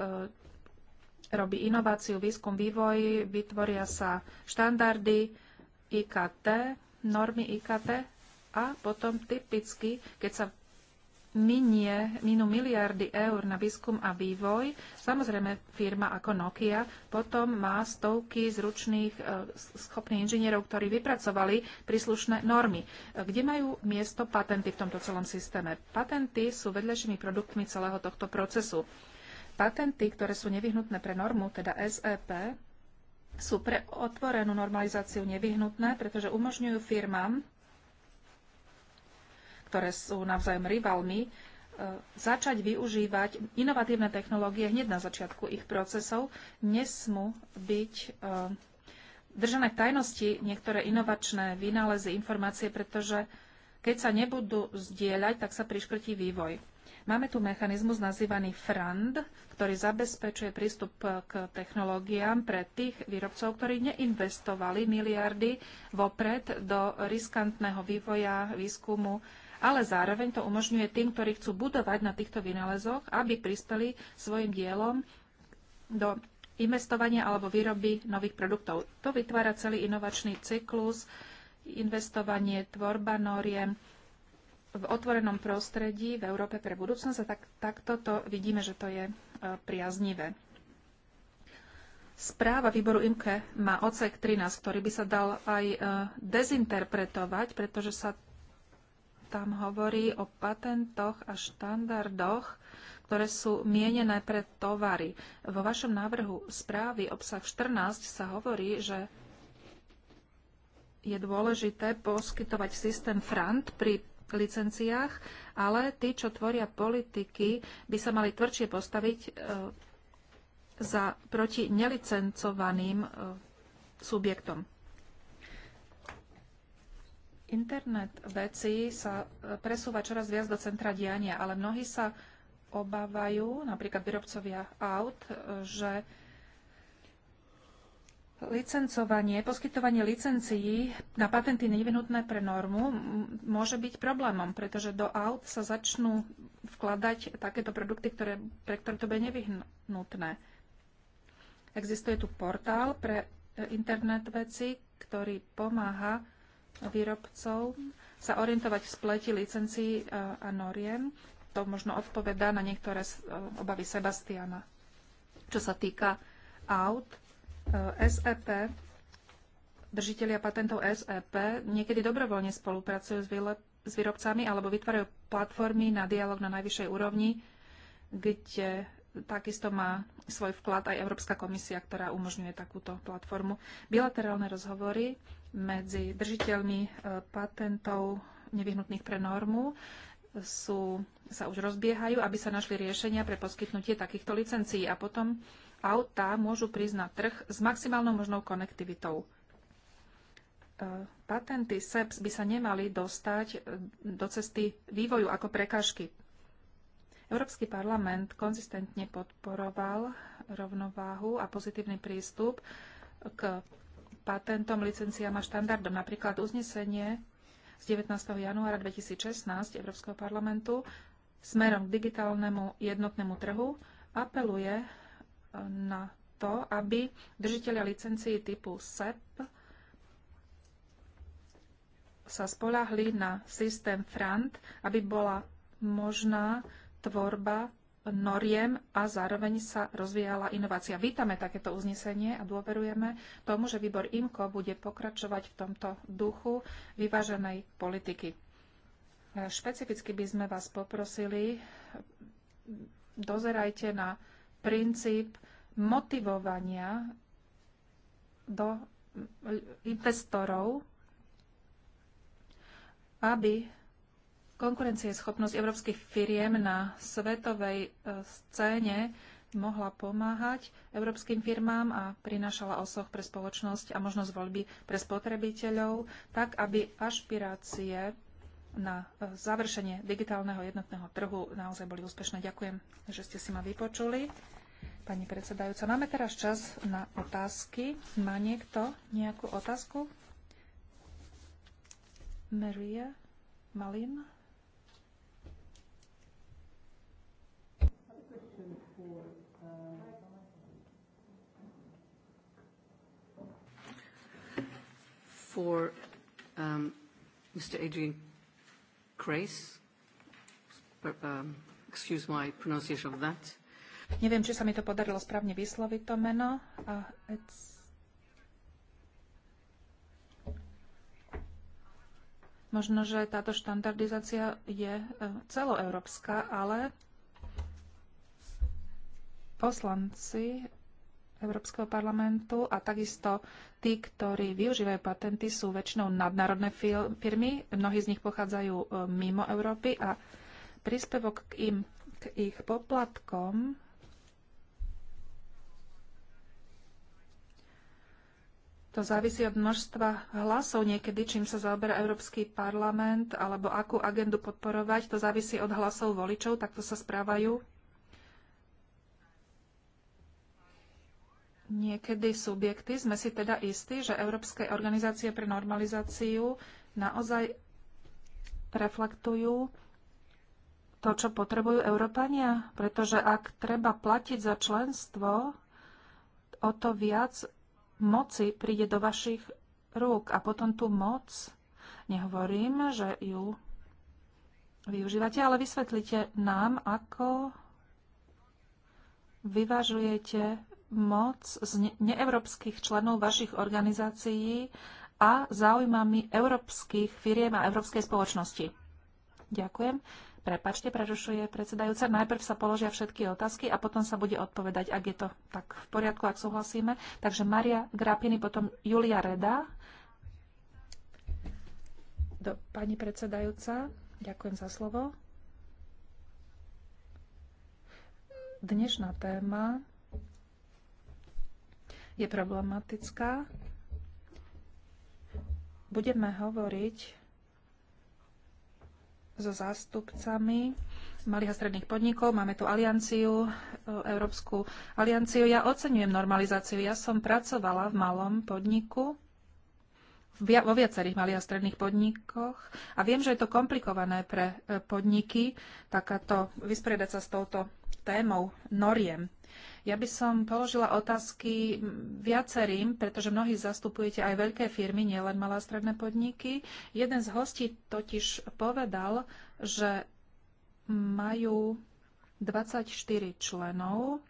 robí inováciu, výskum, vývoj, vytvoria sa štandardy IKT, normy IKT a potom typicky, keď sa minie, minú miliardy eur na výskum a vývoj. Samozrejme, firma ako Nokia potom má stovky zručných, e, schopných inžinierov, ktorí vypracovali príslušné normy. E, kde majú miesto patenty v tomto celom systéme? Patenty sú vedľajšími produktmi celého tohto procesu. Patenty, ktoré sú nevyhnutné pre normu, teda SEP, sú pre otvorenú normalizáciu nevyhnutné, pretože umožňujú firmám, ktoré sú navzájom rivalmi, e, začať využívať inovatívne technológie hneď na začiatku ich procesov. Nesmú byť e, držané v tajnosti niektoré inovačné vynálezy, informácie, pretože keď sa nebudú zdieľať, tak sa priškrtí vývoj. Máme tu mechanizmus nazývaný FRAND, ktorý zabezpečuje prístup k technológiám pre tých výrobcov, ktorí neinvestovali miliardy vopred do riskantného vývoja, výskumu, ale zároveň to umožňuje tým, ktorí chcú budovať na týchto vynálezoch, aby prispeli svojim dielom do investovania alebo výroby nových produktov. To vytvára celý inovačný cyklus, investovanie, tvorba noriem, v otvorenom prostredí v Európe pre budúcnosť a tak, takto to vidíme, že to je e, priaznivé. Správa výboru IMKE má odsek 13, ktorý by sa dal aj e, dezinterpretovať, pretože sa tam hovorí o patentoch a štandardoch, ktoré sú mienené pre tovary. Vo vašom návrhu správy obsah 14 sa hovorí, že je dôležité poskytovať systém FRANT pri licenciách, ale tí, čo tvoria politiky, by sa mali tvrdšie postaviť e, za, proti nelicencovaným e, subjektom. Internet veci sa e, presúva čoraz viac do centra diania, ale mnohí sa obávajú, napríklad výrobcovia aut, že Licencovanie, poskytovanie licencií na patenty nevyhnutné pre normu môže byť problémom, pretože do aut sa začnú vkladať takéto produkty, ktoré, pre ktoré to bude nevyhnutné. Existuje tu portál pre e, internet veci, ktorý pomáha výrobcov sa orientovať v spleti licencií e, a noriem. To možno odpovedá na niektoré e, obavy Sebastiana. Čo sa týka aut, E, SEP, držiteľia patentov SEP niekedy dobrovoľne spolupracujú s, výle, s výrobcami alebo vytvárajú platformy na dialog na najvyššej úrovni, kde takisto má svoj vklad aj Európska komisia, ktorá umožňuje takúto platformu. Bilaterálne rozhovory medzi držiteľmi e, patentov nevyhnutných pre normu sú, sa už rozbiehajú, aby sa našli riešenia pre poskytnutie takýchto licencií. A potom autá môžu prísť na trh s maximálnou možnou konektivitou. E, patenty SEPS by sa nemali dostať e, do cesty vývoju ako prekážky. Európsky parlament konzistentne podporoval rovnováhu a pozitívny prístup k patentom, licenciám a štandardom. Napríklad uznesenie z 19. januára 2016 Európskeho parlamentu smerom k digitálnemu jednotnému trhu apeluje na to, aby držiteľia licencií typu SEP sa spolahli na systém FRANT, aby bola možná tvorba noriem a zároveň sa rozvíjala inovácia. Vítame takéto uznesenie a dôverujeme tomu, že výbor IMKO bude pokračovať v tomto duchu vyváženej politiky. Špecificky by sme vás poprosili, dozerajte na princíp motivovania do investorov, aby konkurencieschopnosť európskych firiem na svetovej e, scéne mohla pomáhať európskym firmám a prinášala osoch pre spoločnosť a možnosť voľby pre spotrebiteľov, tak aby ašpirácie na e, završenie digitálneho jednotného trhu naozaj boli úspešné. Ďakujem, že ste si ma vypočuli. Pani predsedajúca, máme teraz čas na otázky. Má niekto nejakú otázku? Maria Malin? For um, Mr. Adrian Grace. Um, excuse my pronunciation of that. Neviem, či sa mi to podarilo správne vysloviť to meno. Uh, it's... Možno, že táto štandardizácia je e, celoeurópska, ale poslanci Európskeho parlamentu a takisto tí, ktorí využívajú patenty, sú väčšinou nadnárodné firmy. Mnohí z nich pochádzajú e, mimo Európy a príspevok k, im, k ich poplatkom To závisí od množstva hlasov niekedy, čím sa zaoberá Európsky parlament, alebo akú agendu podporovať. To závisí od hlasov voličov, takto sa správajú Niekedy subjekty sme si teda istí, že Európske organizácie pre normalizáciu naozaj reflektujú to, čo potrebujú Európania? Pretože ak treba platiť za členstvo, o to viac moci príde do vašich rúk a potom tú moc, nehovorím, že ju využívate, ale vysvetlite nám, ako vyvažujete moc z neevropských členov vašich organizácií a záujmami európskych firiem a európskej spoločnosti. Ďakujem. Prepačte, prerušuje predsedajúca. Najprv sa položia všetky otázky a potom sa bude odpovedať, ak je to tak v poriadku, ak súhlasíme. Takže Maria Grapiny, potom Julia Reda. Do, pani predsedajúca, ďakujem za slovo. Dnešná téma je problematická. Budeme hovoriť so zástupcami malých a stredných podnikov. Máme tu alianciu, Európsku alianciu. Ja oceňujem normalizáciu. Ja som pracovala v malom podniku vo viacerých malých a stredných podnikoch. A viem, že je to komplikované pre e, podniky, takáto vysporiadať sa s touto témou noriem. Ja by som položila otázky viacerým, pretože mnohí zastupujete aj veľké firmy, nielen malé a stredné podniky. Jeden z hostí totiž povedal, že majú 24 členov,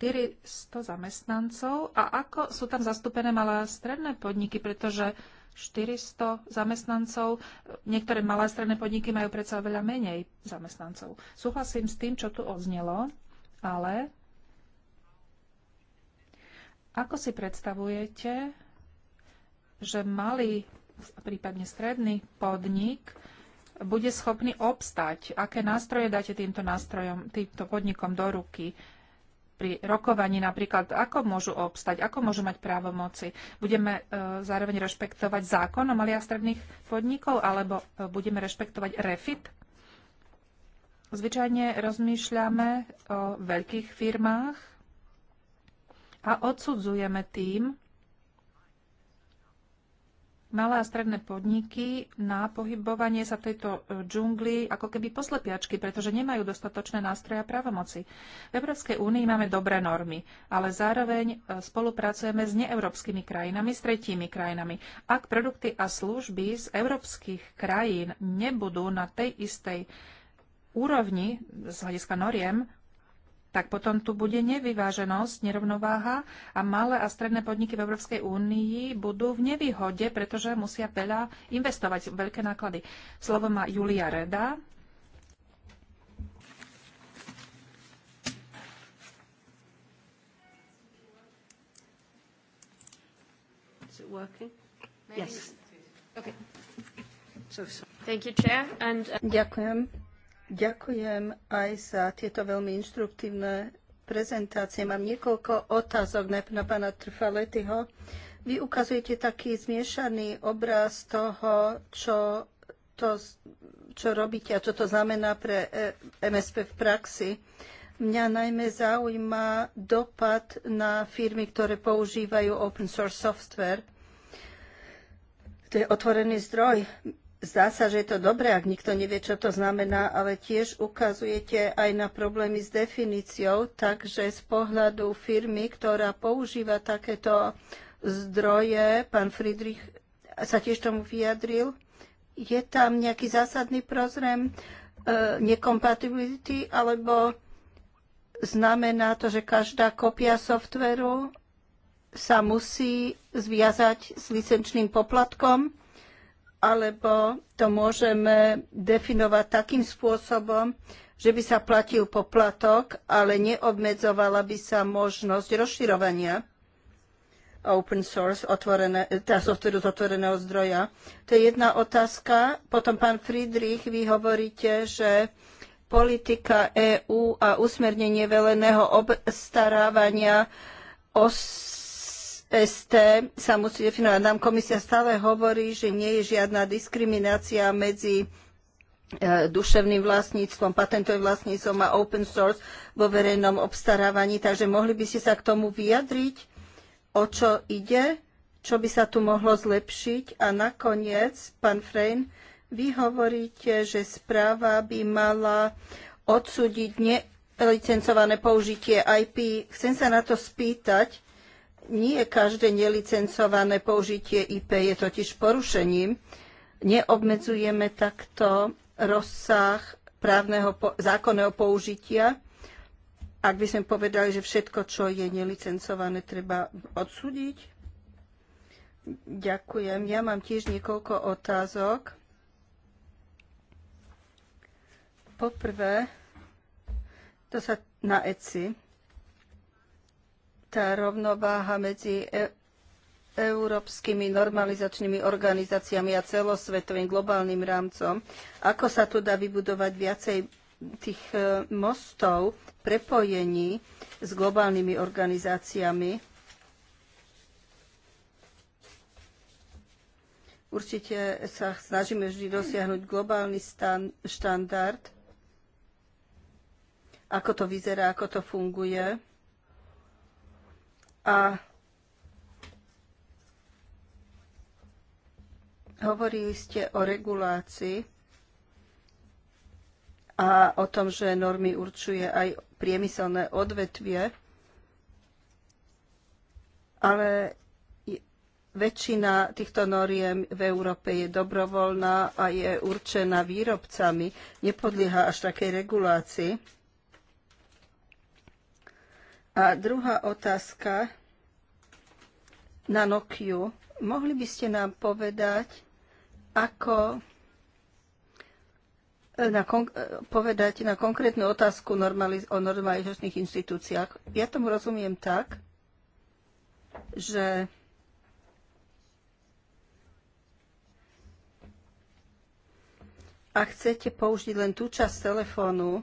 400 zamestnancov a ako sú tam zastúpené malé a stredné podniky, pretože 400 zamestnancov, niektoré malé a stredné podniky majú predsa veľa menej zamestnancov. Súhlasím s tým, čo tu odznelo, ale ako si predstavujete, že malý, prípadne stredný podnik bude schopný obstať? Aké nástroje dáte týmto nástrojom, týmto podnikom do ruky? pri rokovaní napríklad, ako môžu obstať, ako môžu mať právomoci. Budeme e, zároveň rešpektovať zákon o malých a stredných podnikov, alebo e, budeme rešpektovať refit? Zvyčajne rozmýšľame o veľkých firmách a odsudzujeme tým, malé a stredné podniky na pohybovanie sa tejto e, džungli ako keby poslepiačky, pretože nemajú dostatočné nástroje a právomoci. V Európskej únii máme dobré normy, ale zároveň e, spolupracujeme s neeurópskymi krajinami, s tretími krajinami. Ak produkty a služby z európskych krajín nebudú na tej istej úrovni z hľadiska noriem, tak potom tu bude nevyváženosť, nerovnováha a malé a stredné podniky v Európskej únii budú v nevýhode, pretože musia veľa investovať, veľké náklady. Slovo má Julia Reda. Uh, Ďakujem Ďakujem aj za tieto veľmi inštruktívne prezentácie. Mám niekoľko otázok na pána Trfaletyho. Vy ukazujete taký zmiešaný obraz toho, čo, to, čo robíte a čo to znamená pre e, MSP v praxi. Mňa najmä zaujíma dopad na firmy, ktoré používajú open source software. To je otvorený zdroj. Zdá sa, že je to dobré, ak nikto nevie, čo to znamená, ale tiež ukazujete aj na problémy s definíciou, takže z pohľadu firmy, ktorá používa takéto zdroje, pán Friedrich sa tiež tomu vyjadril, je tam nejaký zásadný prozrem e, nekompatibility, alebo znamená to, že každá kopia softveru sa musí zviazať s licenčným poplatkom, alebo to môžeme definovať takým spôsobom, že by sa platil poplatok, ale neobmedzovala by sa možnosť rozširovania open source, otvorené, tá teda softveru z otvoreného zdroja. To je jedna otázka. Potom, pán Friedrich, vy hovoríte, že politika EÚ a usmernenie veleného obstarávania os ST sa musí definovať. Nám komisia stále hovorí, že nie je žiadna diskriminácia medzi e, duševným vlastníctvom, patentovým vlastníctvom a open source vo verejnom obstarávaní. Takže mohli by ste sa k tomu vyjadriť, o čo ide, čo by sa tu mohlo zlepšiť. A nakoniec, pán Frejn, vy hovoríte, že správa by mala odsúdiť nelicencované použitie IP. Chcem sa na to spýtať, nie každé nelicencované použitie IP je totiž porušením. Neobmedzujeme takto rozsah právneho po- zákonného použitia. Ak by sme povedali, že všetko, čo je nelicencované, treba odsúdiť. Ďakujem. Ja mám tiež niekoľko otázok. Poprvé, to sa na ECI tá rovnováha medzi e európskymi normalizačnými organizáciami a celosvetovým globálnym rámcom, ako sa tu dá vybudovať viacej tých e, mostov, prepojení s globálnymi organizáciami. Určite sa snažíme vždy dosiahnuť globálny stan- štandard, ako to vyzerá, ako to funguje. A hovorili ste o regulácii a o tom, že normy určuje aj priemyselné odvetvie, ale väčšina týchto noriem v Európe je dobrovoľná a je určená výrobcami, nepodlieha až takej regulácii. A druhá otázka na Nokiu. Mohli by ste nám povedať, ako e, na e, povedať na konkrétnu otázku normaliz- o normalizačných inštitúciách. Ja tomu rozumiem tak, že ak chcete použiť len tú časť telefónu,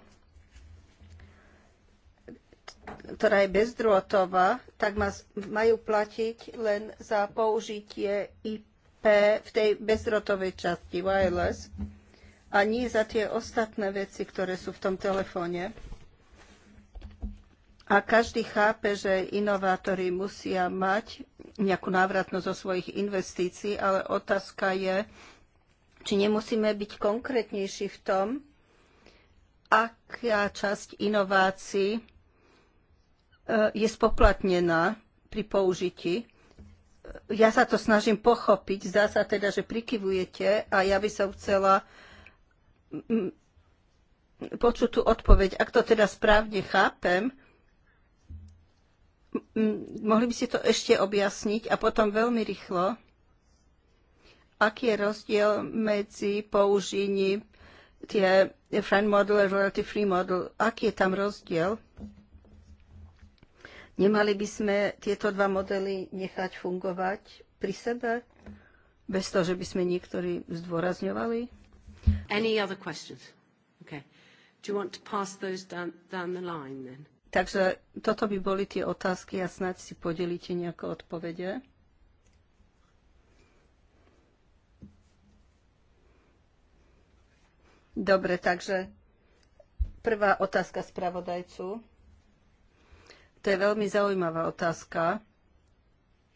ktorá je bezdrôtová, tak majú platiť len za použitie IP v tej bezdrotovej časti wireless a nie za tie ostatné veci, ktoré sú v tom telefóne. A každý chápe, že inovátori musia mať nejakú návratnosť zo svojich investícií, ale otázka je, či nemusíme byť konkrétnejší v tom, aká časť inovácií je spoplatnená pri použití. Ja sa to snažím pochopiť, zdá sa teda, že prikyvujete a ja by som chcela mm, počuť tú odpoveď. Ak to teda správne chápem, mm, mohli by ste to ešte objasniť a potom veľmi rýchlo, aký je rozdiel medzi použitím tie friend model a royalty free model, aký je tam rozdiel? Nemali by sme tieto dva modely nechať fungovať pri sebe, bez toho, že by sme niektorí zdôrazňovali? Any other questions? Okay. Do you want to pass those down, down the line then? Takže toto by boli tie otázky a snáď si podelíte nejaké odpovede. Dobre, takže prvá otázka spravodajcu. To je veľmi zaujímavá otázka,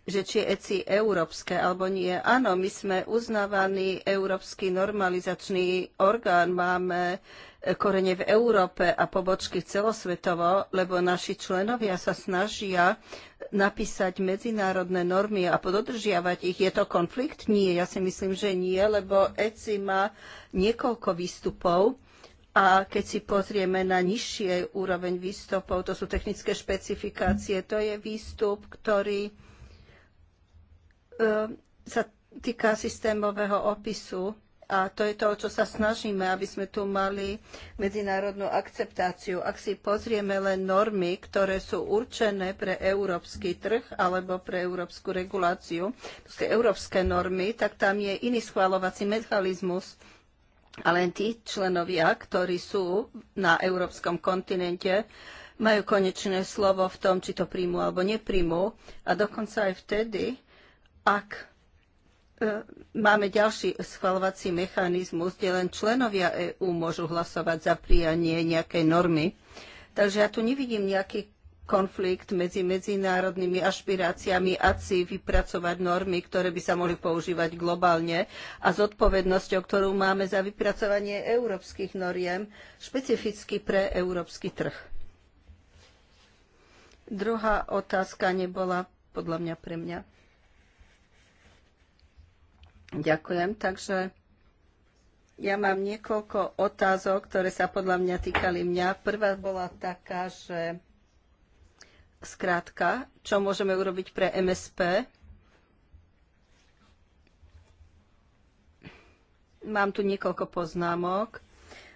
že či je ECI európske alebo nie. Áno, my sme uznávaný európsky normalizačný orgán, máme e, korene v Európe a pobočky celosvetovo, lebo naši členovia sa snažia napísať medzinárodné normy a pododržiavať ich. Je to konflikt? Nie, ja si myslím, že nie, lebo ECI má niekoľko výstupov a keď si pozrieme na nižšie úroveň výstupov, to sú technické špecifikácie, to je výstup, ktorý e, sa týka systémového opisu a to je to, čo sa snažíme, aby sme tu mali medzinárodnú akceptáciu. Ak si pozrieme len normy, ktoré sú určené pre európsky trh alebo pre európsku reguláciu, to sú európske normy, tak tam je iný schváľovací mechanizmus a len tí členovia, ktorí sú na európskom kontinente, majú konečné slovo v tom, či to príjmu alebo nepríjmu. A dokonca aj vtedy, ak e, máme ďalší schvalovací mechanizmus, kde len členovia EÚ môžu hlasovať za prijanie nejakej normy. Takže ja tu nevidím nejaký konflikt medzi medzinárodnými ašpiráciami si vypracovať normy, ktoré by sa mohli používať globálne a zodpovednosťou, ktorú máme za vypracovanie európskych noriem, špecificky pre európsky trh. Druhá otázka nebola podľa mňa pre mňa. Ďakujem. Takže ja mám niekoľko otázok, ktoré sa podľa mňa týkali mňa. Prvá bola taká, že Skrátka, čo môžeme urobiť pre MSP? Mám tu niekoľko poznámok.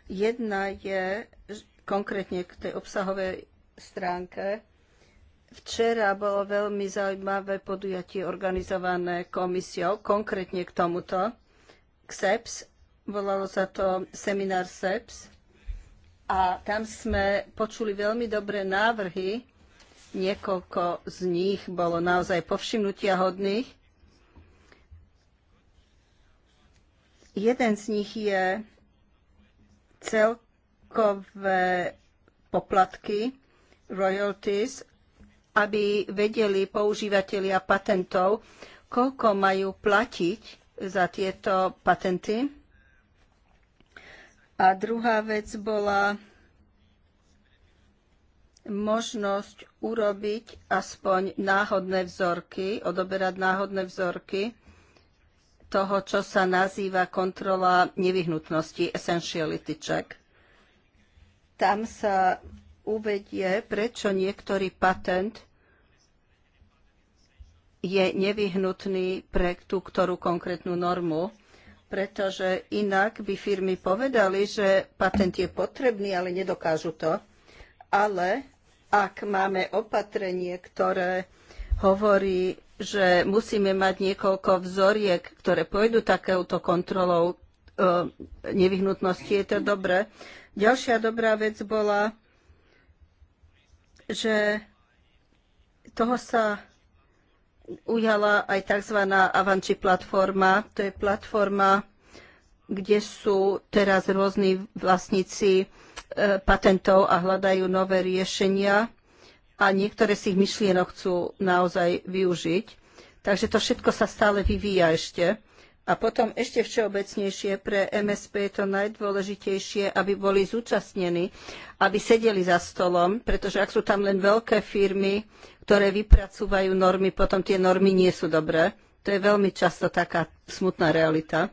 Jedna je konkrétne k tej obsahovej stránke. Včera bolo veľmi zaujímavé podujatie organizované komisiou, konkrétne k tomuto, k SEPS. Volalo sa to seminár SEPS. A tam sme počuli veľmi dobré návrhy Niekoľko z nich bolo naozaj povšimnutia hodných. Jeden z nich je celkové poplatky, royalties, aby vedeli používateľia patentov, koľko majú platiť za tieto patenty. A druhá vec bola možnosť urobiť aspoň náhodné vzorky, odoberať náhodné vzorky toho, čo sa nazýva kontrola nevyhnutnosti, essentiality check. Tam sa uvedie, prečo niektorý patent je nevyhnutný pre tú ktorú konkrétnu normu, pretože inak by firmy povedali, že patent je potrebný, ale nedokážu to. Ale ak máme opatrenie, ktoré hovorí, že musíme mať niekoľko vzoriek, ktoré pôjdu takouto kontrolou e, nevyhnutnosti, je to dobré. Ďalšia dobrá vec bola, že toho sa ujala aj tzv. Avanči platforma. To je platforma, kde sú teraz rôzni vlastníci E, patentov a hľadajú nové riešenia a niektoré z ich myšlienok chcú naozaj využiť. Takže to všetko sa stále vyvíja ešte. A potom ešte všeobecnejšie pre MSP je to najdôležitejšie, aby boli zúčastnení, aby sedeli za stolom, pretože ak sú tam len veľké firmy, ktoré vypracúvajú normy, potom tie normy nie sú dobré. To je veľmi často taká smutná realita.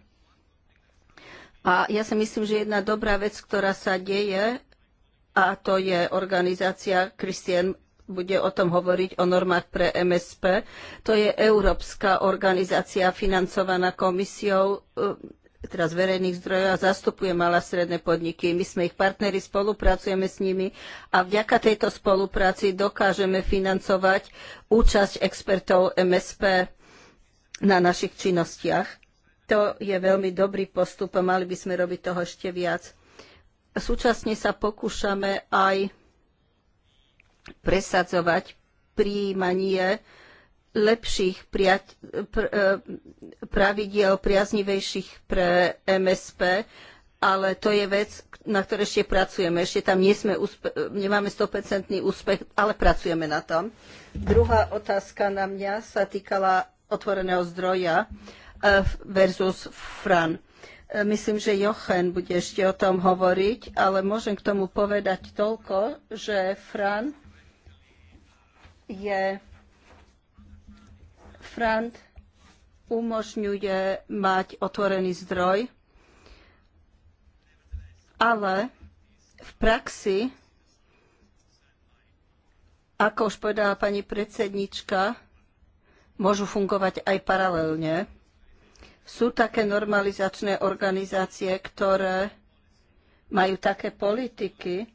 A ja si myslím, že jedna dobrá vec, ktorá sa deje, a to je organizácia Christian bude o tom hovoriť, o normách pre MSP. To je európska organizácia financovaná komisiou e, teda z verejných zdrojov a zastupuje malé a stredné podniky. My sme ich partneri, spolupracujeme s nimi a vďaka tejto spolupráci dokážeme financovať účasť expertov MSP na našich činnostiach. To je veľmi dobrý postup a mali by sme robiť toho ešte viac. Súčasne sa pokúšame aj presadzovať príjmanie lepších priať, pr- e, pravidiel priaznivejších pre MSP, ale to je vec, na ktorej ešte pracujeme. Ešte tam nie sme úspe- nemáme 100% úspech, ale pracujeme na tom. Druhá otázka na mňa sa týkala otvoreného zdroja. Uh, E, versus Fran. E, myslím, že Jochen bude ešte o tom hovoriť, ale môžem k tomu povedať toľko, že Fran je Fran umožňuje mať otvorený zdroj, ale v praxi, ako už povedala pani predsednička, môžu fungovať aj paralelne. Sú také normalizačné organizácie, ktoré majú také politiky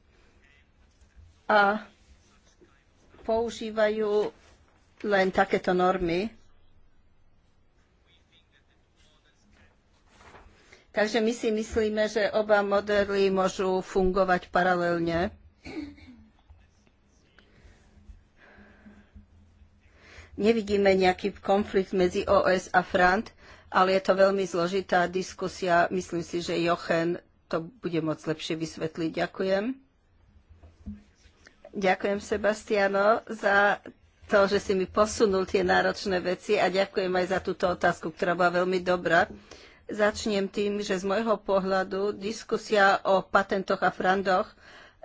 a používajú len takéto normy. Takže my si myslíme, že oba modely môžu fungovať paralelne. Nevidíme nejaký konflikt medzi OS a FRANT, ale je to veľmi zložitá diskusia. Myslím si, že Jochen to bude môcť lepšie vysvetliť. Ďakujem. Ďakujem, Sebastiano, za to, že si mi posunul tie náročné veci a ďakujem aj za túto otázku, ktorá bola veľmi dobrá. Začnem tým, že z môjho pohľadu diskusia o patentoch a frandoch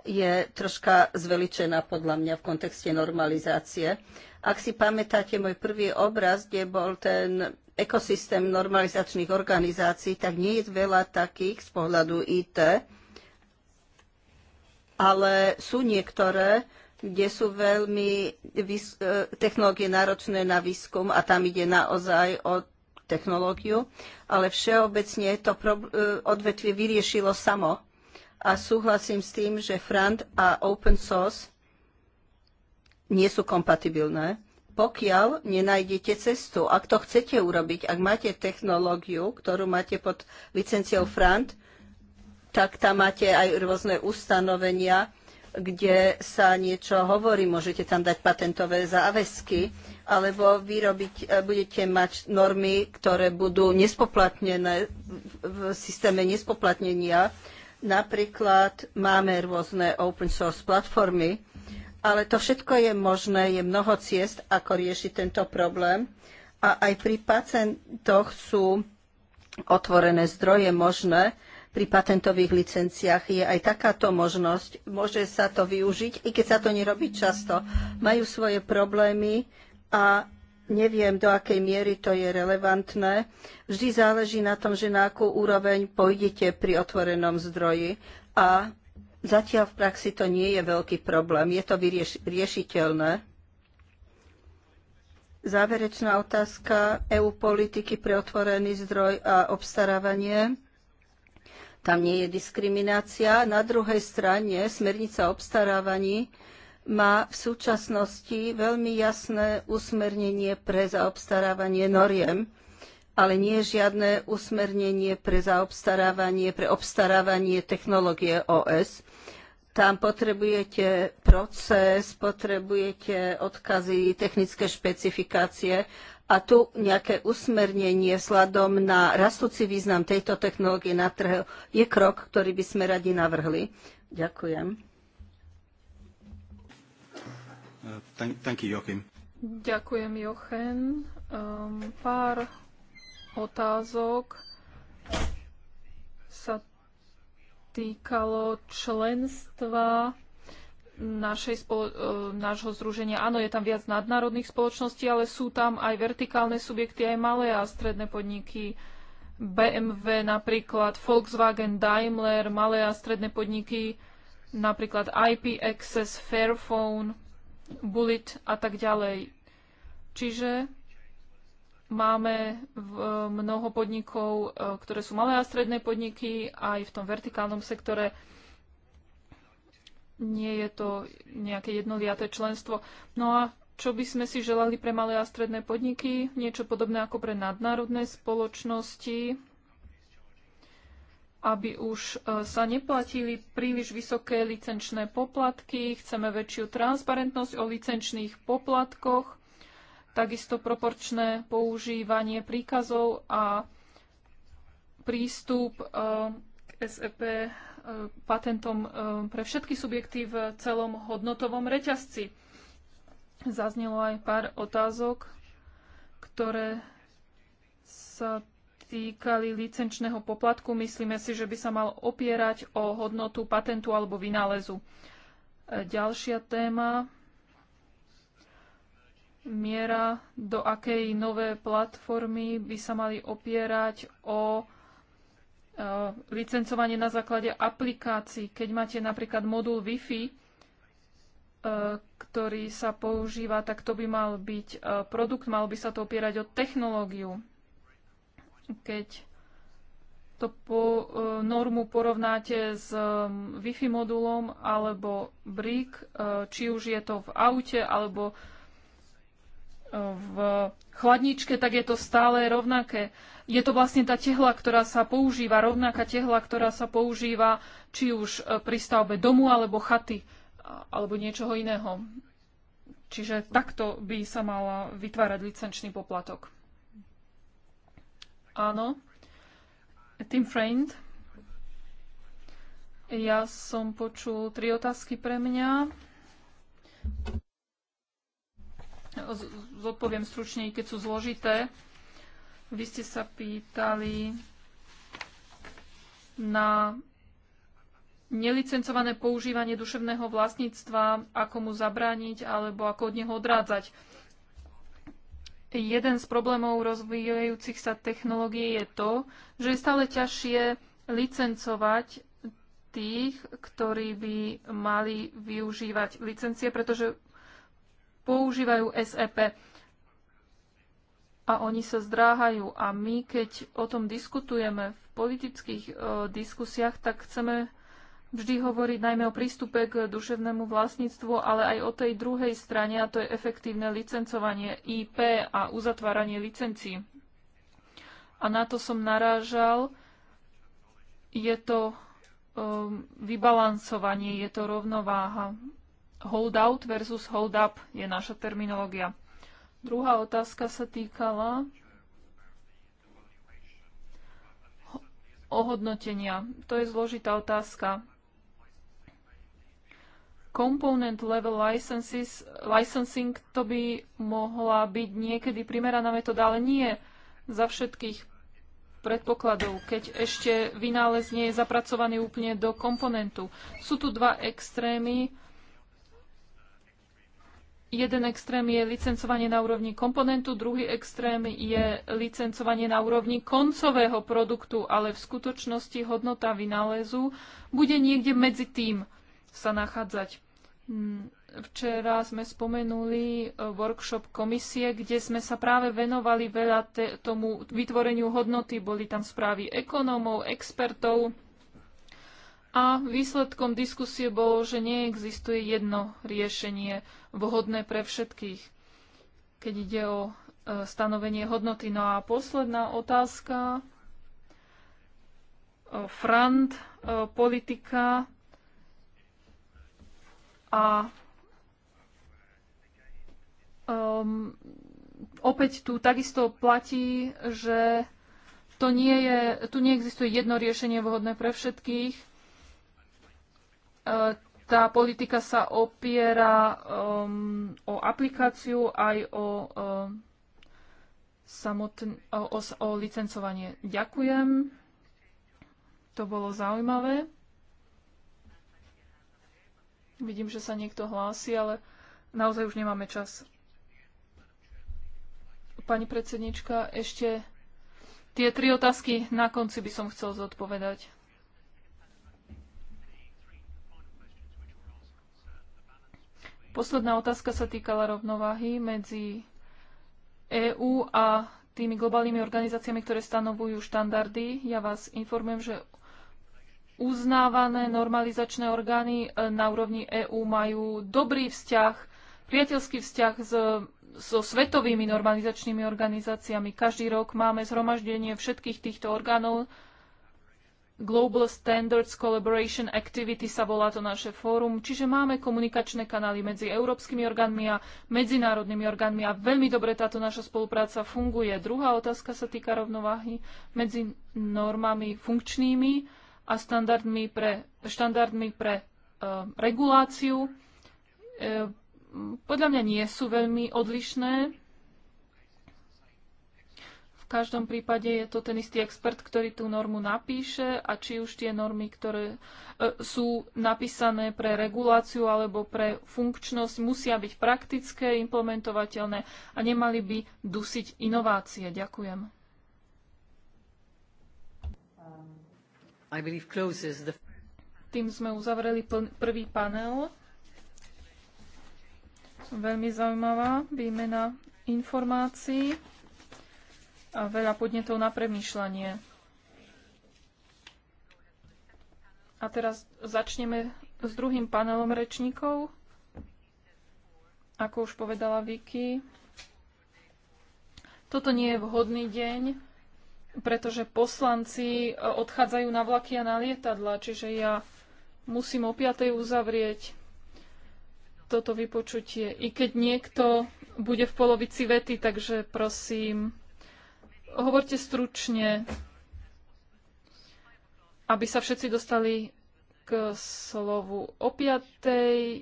je troška zveličená podľa mňa v kontexte normalizácie. Ak si pamätáte môj prvý obraz, kde bol ten ekosystém normalizačných organizácií, tak nie je veľa takých z pohľadu IT, ale sú niektoré, kde sú veľmi e, technológie náročné na výskum a tam ide naozaj o technológiu, ale všeobecne to e, odvetvie vyriešilo samo. A súhlasím s tým, že front a open source nie sú kompatibilné pokiaľ nenájdete cestu. Ak to chcete urobiť, ak máte technológiu, ktorú máte pod licenciou FRANT, tak tam máte aj rôzne ustanovenia, kde sa niečo hovorí, môžete tam dať patentové záväzky, alebo vyrobiť, e, budete mať normy, ktoré budú nespoplatnené v systéme nespoplatnenia. Napríklad máme rôzne open source platformy, ale to všetko je možné, je mnoho ciest, ako riešiť tento problém. A aj pri patentoch sú otvorené zdroje možné. Pri patentových licenciách je aj takáto možnosť. Môže sa to využiť, i keď sa to nerobí často. Majú svoje problémy a neviem, do akej miery to je relevantné. Vždy záleží na tom, že na akú úroveň pôjdete pri otvorenom zdroji. A Zatiaľ v praxi to nie je veľký problém, je to vyrieš- riešiteľné. Záverečná otázka EU politiky pre otvorený zdroj a obstarávanie. Tam nie je diskriminácia. Na druhej strane smernica obstarávaní má v súčasnosti veľmi jasné usmernenie pre zaobstarávanie noriem ale nie žiadne usmernenie pre zaobstarávanie, pre obstarávanie technológie OS. Tam potrebujete proces, potrebujete odkazy, technické špecifikácie a tu nejaké usmernenie vzhľadom na rastúci význam tejto technológie na trhu je krok, ktorý by sme radi navrhli. Ďakujem. Uh, thank, thank you, Joachim. Ďakujem, Jochen. Um, pár otázok sa týkalo členstva našej spolo- e, nášho združenia. Áno, je tam viac nadnárodných spoločností, ale sú tam aj vertikálne subjekty, aj malé a stredné podniky. BMW napríklad, Volkswagen, Daimler, malé a stredné podniky, napríklad IP Access, Fairphone, Bullet a tak ďalej. Čiže Máme e, mnoho podnikov, e, ktoré sú malé a stredné podniky, aj v tom vertikálnom sektore nie je to nejaké jednoliaté členstvo. No a čo by sme si želali pre malé a stredné podniky? Niečo podobné ako pre nadnárodné spoločnosti, aby už e, sa neplatili príliš vysoké licenčné poplatky. Chceme väčšiu transparentnosť o licenčných poplatkoch takisto proporčné používanie príkazov a prístup eh, k SEP eh, patentom eh, pre všetky subjekty v celom hodnotovom reťazci. Zaznelo aj pár otázok, ktoré sa týkali licenčného poplatku. Myslíme si, že by sa mal opierať o hodnotu patentu alebo vynálezu. Ďalšia téma miera, do akej nové platformy by sa mali opierať o e, licencovanie na základe aplikácií. Keď máte napríklad modul Wi-Fi, e, ktorý sa používa, tak to by mal byť e, produkt, mal by sa to opierať o technológiu. Keď to po, normu porovnáte s Wi-Fi modulom alebo BRIC, či už je to v aute alebo v chladničke, tak je to stále rovnaké. Je to vlastne tá tehla, ktorá sa používa, rovnaká tehla, ktorá sa používa či už e, pri stavbe domu alebo chaty alebo niečoho iného. Čiže takto by sa mal vytvárať licenčný poplatok. Áno. Tim Friend. Ja som počul tri otázky pre mňa zodpoviem stručne, keď sú zložité. Vy ste sa pýtali na nelicencované používanie duševného vlastníctva, ako mu zabrániť alebo ako od neho odrádzať. Jeden z problémov rozvíjajúcich sa technológií je to, že je stále ťažšie licencovať tých, ktorí by mali využívať licencie, pretože používajú SEP a oni sa zdráhajú. A my, keď o tom diskutujeme v politických e, diskusiách, tak chceme vždy hovoriť najmä o prístupe k duševnému vlastníctvu, ale aj o tej druhej strane, a to je efektívne licencovanie IP a uzatváranie licencií. A na to som narážal. Je to um, e, vybalancovanie, je to rovnováha hold out versus hold up je naša terminológia. Druhá otázka sa týkala ohodnotenia. To je zložitá otázka. Component level licenses, licensing to by mohla byť niekedy primeraná metóda, ale nie za všetkých predpokladov, keď ešte vynález nie je zapracovaný úplne do komponentu. Sú tu dva extrémy Jeden extrém je licencovanie na úrovni komponentu, druhý extrém je licencovanie na úrovni koncového produktu, ale v skutočnosti hodnota vynálezu bude niekde medzi tým sa nachádzať. Mm, včera sme spomenuli e, workshop komisie, kde sme sa práve venovali veľa tomu vytvoreniu hodnoty. Boli tam správy ekonómov, expertov, a výsledkom diskusie bolo, že neexistuje jedno riešenie vhodné pre všetkých, keď ide o e, stanovenie hodnoty. No a posledná otázka. E, frant, e, politika a um, opäť tu takisto platí, že to nie je, tu neexistuje jedno riešenie vhodné pre všetkých E, tá politika sa opiera um, o aplikáciu aj o, um, samotn- o, o, o licencovanie. Ďakujem. To bolo zaujímavé. Vidím, že sa niekto hlási, ale naozaj už nemáme čas. Pani predsednička, ešte tie tri otázky na konci by som chcel zodpovedať. Posledná otázka sa týkala rovnováhy medzi EÚ a tými globálnymi organizáciami, ktoré stanovujú štandardy. Ja vás informujem, že uznávané normalizačné orgány e, na úrovni EÚ majú dobrý vzťah, priateľský vzťah s, so svetovými normalizačnými organizáciami. Každý rok máme zhromaždenie všetkých týchto orgánov Global Standards Collaboration Activity sa volá to naše fórum, čiže máme komunikačné kanály medzi európskymi orgánmi a medzinárodnými orgánmi a veľmi dobre táto naša spolupráca funguje. Druhá otázka sa týka rovnováhy medzi normami funkčnými a štandardmi pre, štandardmi pre uh, reguláciu. Uh, podľa mňa nie sú veľmi odlišné každom prípade je to ten istý expert, ktorý tú normu napíše a či už tie normy, ktoré e, sú napísané pre reguláciu alebo pre funkčnosť, musia byť praktické, implementovateľné a nemali by dusiť inovácie. Ďakujem. Tým sme uzavreli prvý panel. Veľmi zaujímavá výmena informácií veľa podnetov na premýšľanie. A teraz začneme s druhým panelom rečníkov. Ako už povedala Vicky, toto nie je vhodný deň, pretože poslanci e, odchádzajú na vlaky a na lietadla, čiže ja musím o 5. uzavrieť toto vypočutie. I keď niekto bude v polovici vety, takže prosím, Hovorte stručne, aby sa všetci dostali k slovu o piatej.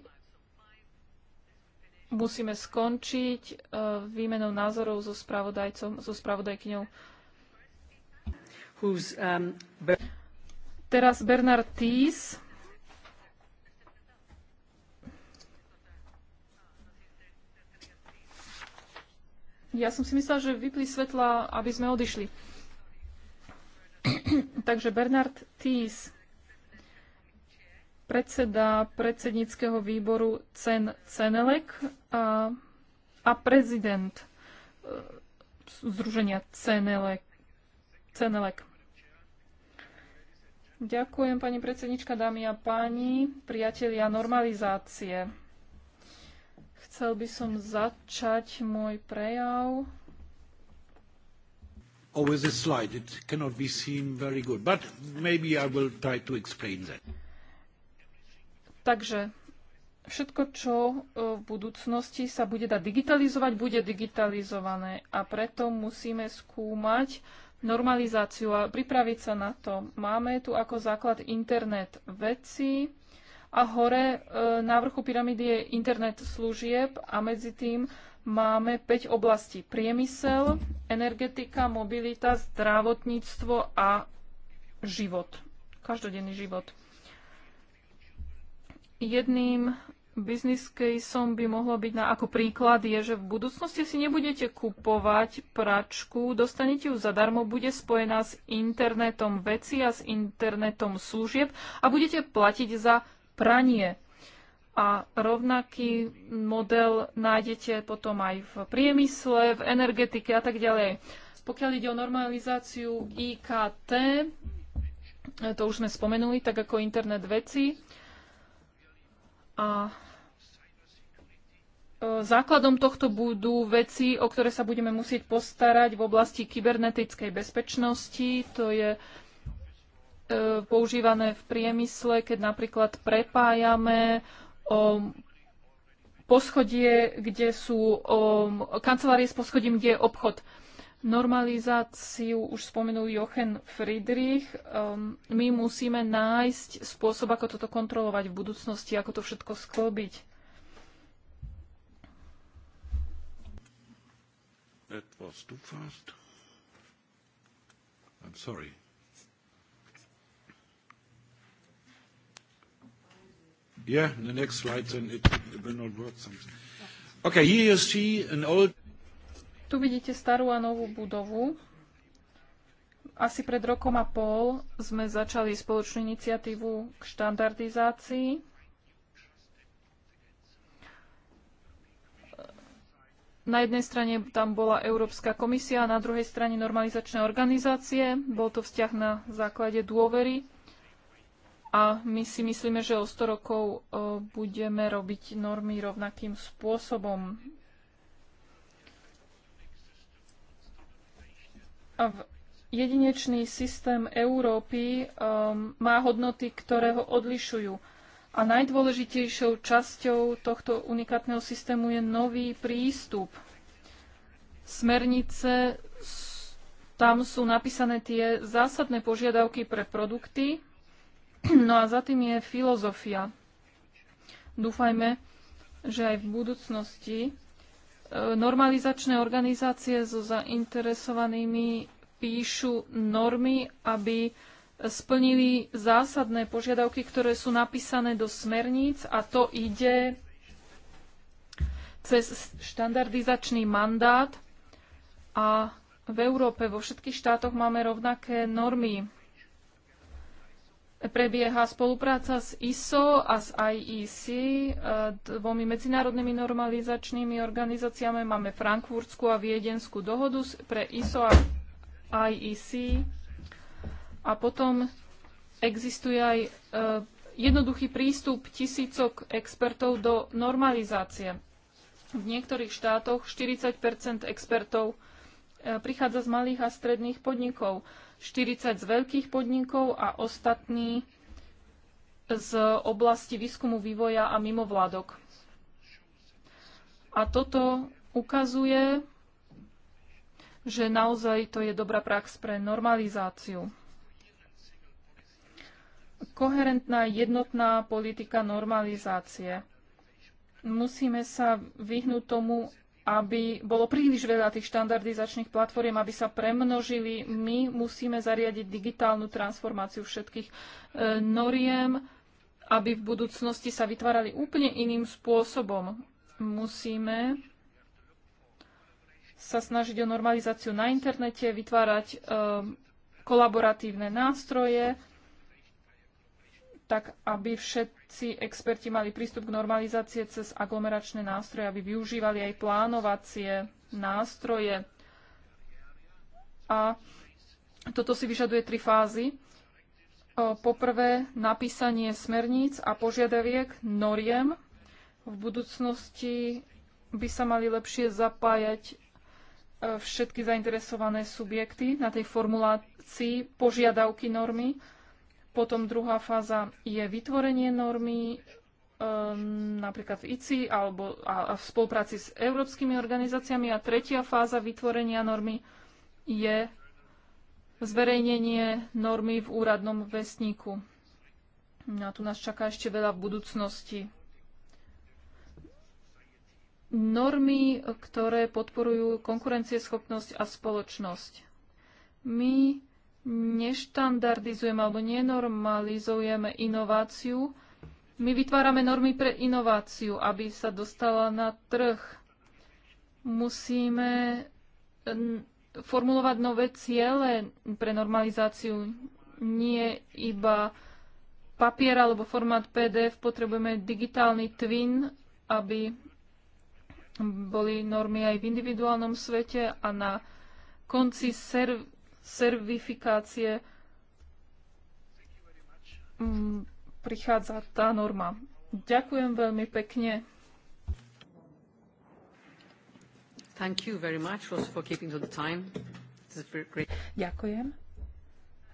Musíme skončiť e, výmenou názorov so spravodajcom, so spravodajkňou. Um, Teraz Bernard Thies Ja som si myslela, že vypli svetla, aby sme odišli. *clears throat* Takže Bernard Thies, predseda predsedníckého výboru CEN Cenelek a, a prezident e, Združenia Cenelek. Cenelek. Ďakujem, pani predsednička, dámy a páni, priatelia normalizácie. Chcel by som začať môj prejav. Always a slide. It cannot be seen very good, but maybe I will try to explain that. Takže všetko, čo e, v budúcnosti sa bude dať digitalizovať, bude digitalizované a preto musíme skúmať normalizáciu a pripraviť sa na to. Máme tu ako základ internet veci, a hore e, na vrchu pyramídy je internet služieb a medzi tým máme 5 oblastí. Priemysel, energetika, mobilita, zdravotníctvo a život. Každodenný život. Jedným business caseom by mohlo byť na, ako príklad je, že v budúcnosti si nebudete kupovať pračku, dostanete ju zadarmo, bude spojená s internetom veci a s internetom služieb a budete platiť za pranie. A rovnaký model nájdete potom aj v priemysle, v energetike a tak ďalej. Pokiaľ ide o normalizáciu IKT, to už sme spomenuli, tak ako internet veci. A e, Základom tohto budú veci, o ktoré sa budeme musieť postarať v oblasti kybernetickej bezpečnosti. To je E, používané v priemysle, keď napríklad prepájame poschodie, kde sú kancelárie s poschodím, kde je obchod. Normalizáciu už spomenul Jochen Friedrich. My musíme nájsť spôsob, ako toto kontrolovať v budúcnosti, ako to všetko sklbiť. That was too fast. I'm sorry. Yeah, the next slide, then it, it will not work something. Okay, here you see an old... Tu vidíte starú a novú budovu. Asi pred rokom a pol sme začali spoločnú iniciatívu k štandardizácii. Na jednej strane tam bola Európska komisia, na druhej strane normalizačné organizácie. Bol to vzťah na základe dôvery a my si myslíme, že o 100 rokov e, budeme robiť normy rovnakým spôsobom. A v jedinečný systém Európy um, má hodnoty, ktoré ho odlišujú. A najdôležitejšou časťou tohto unikátneho systému je nový prístup. Smernice, tam sú napísané tie zásadné požiadavky pre produkty, *clears throat* No a za tým je filozofia. Dúfajme, že aj v budúcnosti e, normalizačné organizácie so zainteresovanými píšu normy, aby splnili zásadné požiadavky, ktoré sú napísané do smerníc a to ide cez štandardizačný mandát a v Európe, vo všetkých štátoch máme rovnaké normy Prebieha spolupráca s ISO a s IEC, e, dvomi medzinárodnými normalizačnými organizáciami. Máme frankfurtskú a viedenskú dohodu pre ISO a IEC. A potom existuje aj e, jednoduchý prístup tisícok expertov do normalizácie. V niektorých štátoch 40 expertov e, prichádza z malých a stredných podnikov. 40 z veľkých podnikov a ostatní z oblasti výskumu, vývoja a mimovládok. A toto ukazuje, že naozaj to je dobrá prax pre normalizáciu. Koherentná jednotná politika normalizácie. Musíme sa vyhnúť tomu, aby bolo príliš veľa tých štandardizačných platform, aby sa premnožili. My musíme zariadiť digitálnu transformáciu všetkých e, noriem, aby v budúcnosti sa vytvárali úplne iným spôsobom. Musíme sa snažiť o normalizáciu na internete, vytvárať e, kolaboratívne nástroje, tak aby všetci experti mali prístup k normalizácie cez aglomeračné nástroje, aby využívali aj plánovacie nástroje. A toto si vyžaduje tri fázy. Poprvé napísanie smerníc a požiadaviek noriem. V budúcnosti by sa mali lepšie zapájať e, všetky zainteresované subjekty na tej formulácii požiadavky normy potom druhá fáza je vytvorenie normy, ehm, napríklad v ICI alebo a, v spolupráci s európskymi organizáciami. A tretia fáza vytvorenia normy je zverejnenie normy v úradnom vestníku. No a tu nás čaká ešte veľa v budúcnosti. Normy, ktoré podporujú konkurencieschopnosť a spoločnosť. My neštandardizujeme alebo nenormalizujeme inováciu. My vytvárame normy pre inováciu, aby sa dostala na trh. Musíme formulovať nové ciele pre normalizáciu, nie iba papier alebo formát PDF, potrebujeme digitálny twin, aby boli normy aj v individuálnom svete a na konci serv- servifikácie mm, prichádza tá norma. Ďakujem veľmi pekne. Thank you very much for keeping to the time. This is great. Ďakujem.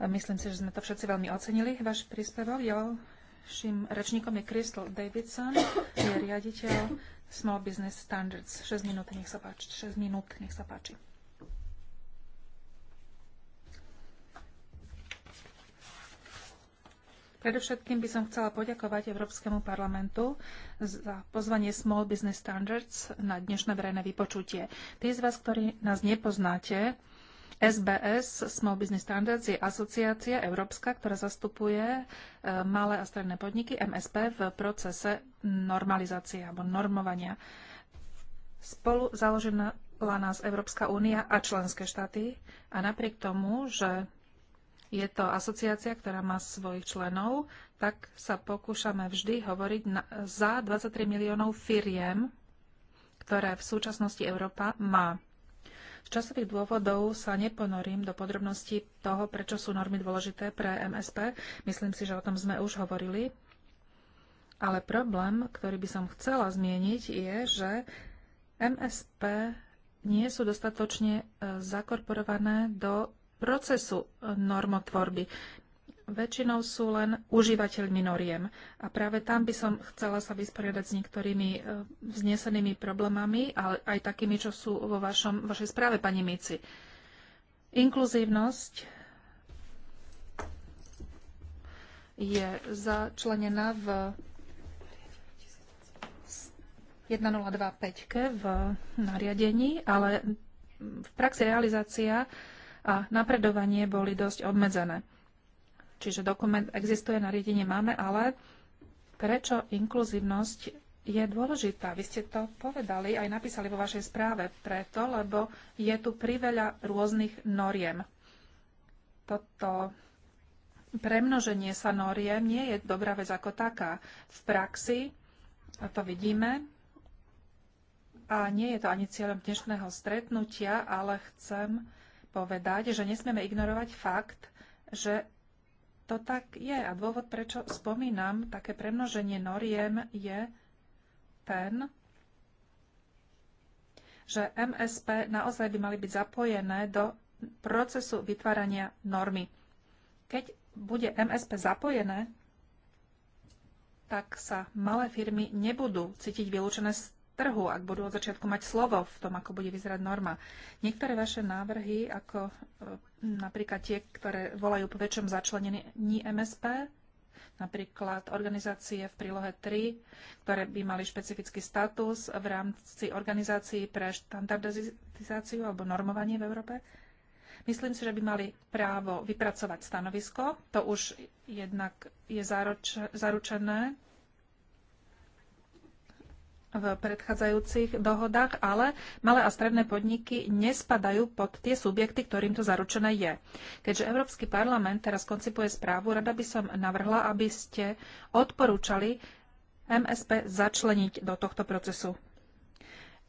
myslím si, že sme to všetci veľmi ocenili, váš príspevok. Ďalším rečníkom je Crystal Davidson, je riaditeľ Small Business Standards. 6 minút, nech sa páči. 6 minút, nech sa páči. Predovšetkým by som chcela poďakovať Európskemu parlamentu za pozvanie Small Business Standards na dnešné verejné vypočutie. Tí z vás, ktorí nás nepoznáte, SBS, Small Business Standards, je asociácia európska, ktorá zastupuje e, malé a stredné podniky MSP v procese normalizácie alebo normovania. Spolu založená bola nás Európska únia a členské štáty a napriek tomu, že je to asociácia, ktorá má svojich členov, tak sa pokúšame vždy hovoriť na, za 23 miliónov firiem, ktoré v súčasnosti Európa má. Z časových dôvodov sa neponorím do podrobností toho, prečo sú normy dôležité pre MSP. Myslím si, že o tom sme už hovorili. Ale problém, ktorý by som chcela zmieniť, je, že MSP nie sú dostatočne e, zakorporované do procesu e, normotvorby. Väčšinou sú len užívateľmi noriem. A práve tam by som chcela sa vysporiadať s niektorými e, vznesenými problémami, ale aj takými, čo sú vo vašom, vašej správe, pani Mici. Inkluzívnosť je začlenená v 1025 v nariadení, ale v praxi realizácia a napredovanie boli dosť obmedzené. Čiže dokument existuje, nariadenie máme, ale prečo inkluzívnosť je dôležitá. Vy ste to povedali, aj napísali vo vašej správe. Preto, lebo je tu priveľa rôznych noriem. Toto premnoženie sa noriem nie je dobrá vec ako taká. V praxi a to vidíme a nie je to ani cieľom dnešného stretnutia, ale chcem povedať, že nesmieme ignorovať fakt, že to tak je. A dôvod, prečo spomínam také premnoženie noriem, je ten, že MSP naozaj by mali byť zapojené do procesu vytvárania normy. Keď bude MSP zapojené, tak sa malé firmy nebudú cítiť vylúčené z trhu, ak budú od začiatku mať slovo v tom, ako bude vyzerať norma. Niektoré vaše návrhy, ako e, napríklad tie, ktoré volajú po väčšom začlenení MSP, napríklad organizácie v prílohe 3, ktoré by mali špecifický status v rámci organizácií pre štandardizáciu alebo normovanie v Európe. Myslím si, že by mali právo vypracovať stanovisko. To už jednak je zaručené v predchádzajúcich dohodách, ale malé a stredné podniky nespadajú pod tie subjekty, ktorým to zaručené je. Keďže Európsky parlament teraz koncipuje správu, rada by som navrhla, aby ste odporúčali MSP začleniť do tohto procesu.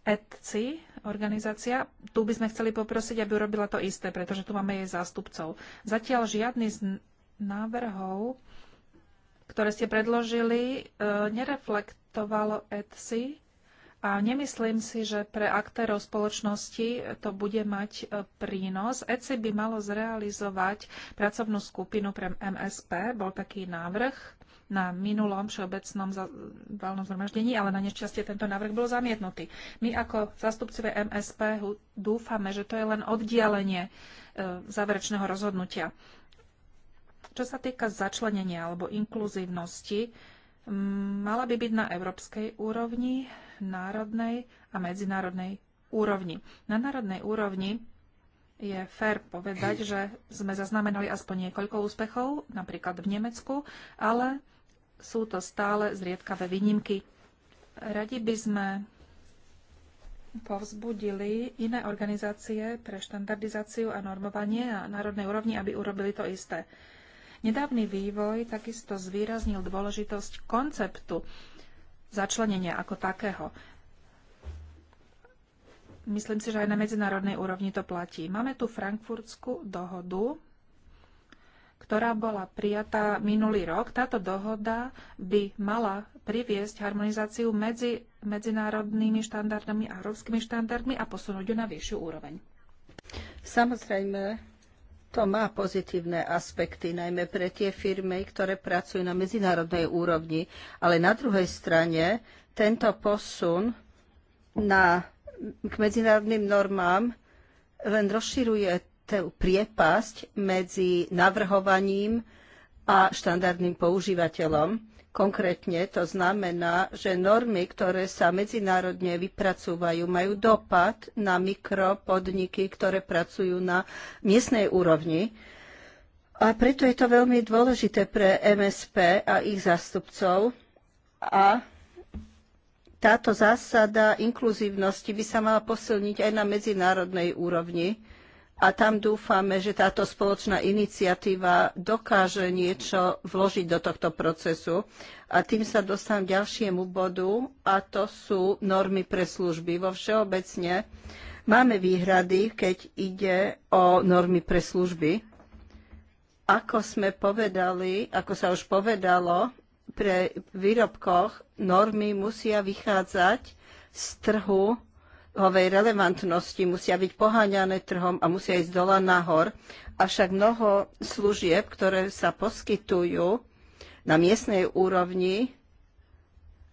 ETCI, organizácia, tu by sme chceli poprosiť, aby urobila to isté, pretože tu máme jej zástupcov. Zatiaľ žiadny z návrhov, ktoré ste predložili, e, nereflektuje akceptovalo ETSI a nemyslím si, že pre aktérov spoločnosti to bude mať e, prínos. ETSI by malo zrealizovať pracovnú skupinu pre MSP. Bol taký návrh na minulom všeobecnom valnom zhromaždení, ale na nešťastie tento návrh bol zamietnutý. My ako zastupcovia MSP dúfame, že to je len oddialenie e, záverečného rozhodnutia. Čo sa týka začlenenia alebo inkluzívnosti, mala by byť na európskej úrovni, národnej a medzinárodnej úrovni. Na národnej úrovni je fér povedať, že sme zaznamenali aspoň niekoľko úspechov, napríklad v Nemecku, ale sú to stále zriedkavé výnimky. Radi by sme povzbudili iné organizácie pre štandardizáciu a normovanie na národnej úrovni, aby urobili to isté. Nedávny vývoj takisto zvýraznil dôležitosť konceptu začlenenia ako takého. Myslím si, že aj na medzinárodnej úrovni to platí. Máme tu frankfurtskú dohodu, ktorá bola prijatá minulý rok. Táto dohoda by mala priviesť harmonizáciu medzi medzinárodnými štandardami a európskymi štandardmi a posunúť ju na vyššiu úroveň. Samozrejme, to má pozitívne aspekty, najmä pre tie firmy, ktoré pracujú na medzinárodnej úrovni. Ale na druhej strane tento posun na, k medzinárodným normám len rozširuje tú priepasť medzi navrhovaním a štandardným používateľom Konkrétne to znamená, že normy, ktoré sa medzinárodne vypracúvajú, majú dopad na mikropodniky, ktoré pracujú na miestnej úrovni. A preto je to veľmi dôležité pre MSP a ich zástupcov. A táto zásada inkluzívnosti by sa mala posilniť aj na medzinárodnej úrovni a tam dúfame, že táto spoločná iniciatíva dokáže niečo vložiť do tohto procesu. A tým sa dostávam k ďalšiemu bodu a to sú normy pre služby. Vo všeobecne máme výhrady, keď ide o normy pre služby. Ako sme povedali, ako sa už povedalo, pre výrobkoch normy musia vychádzať z trhu hovej relevantnosti musia byť poháňané trhom a musia ísť dola nahor. Avšak mnoho služieb, ktoré sa poskytujú na miestnej úrovni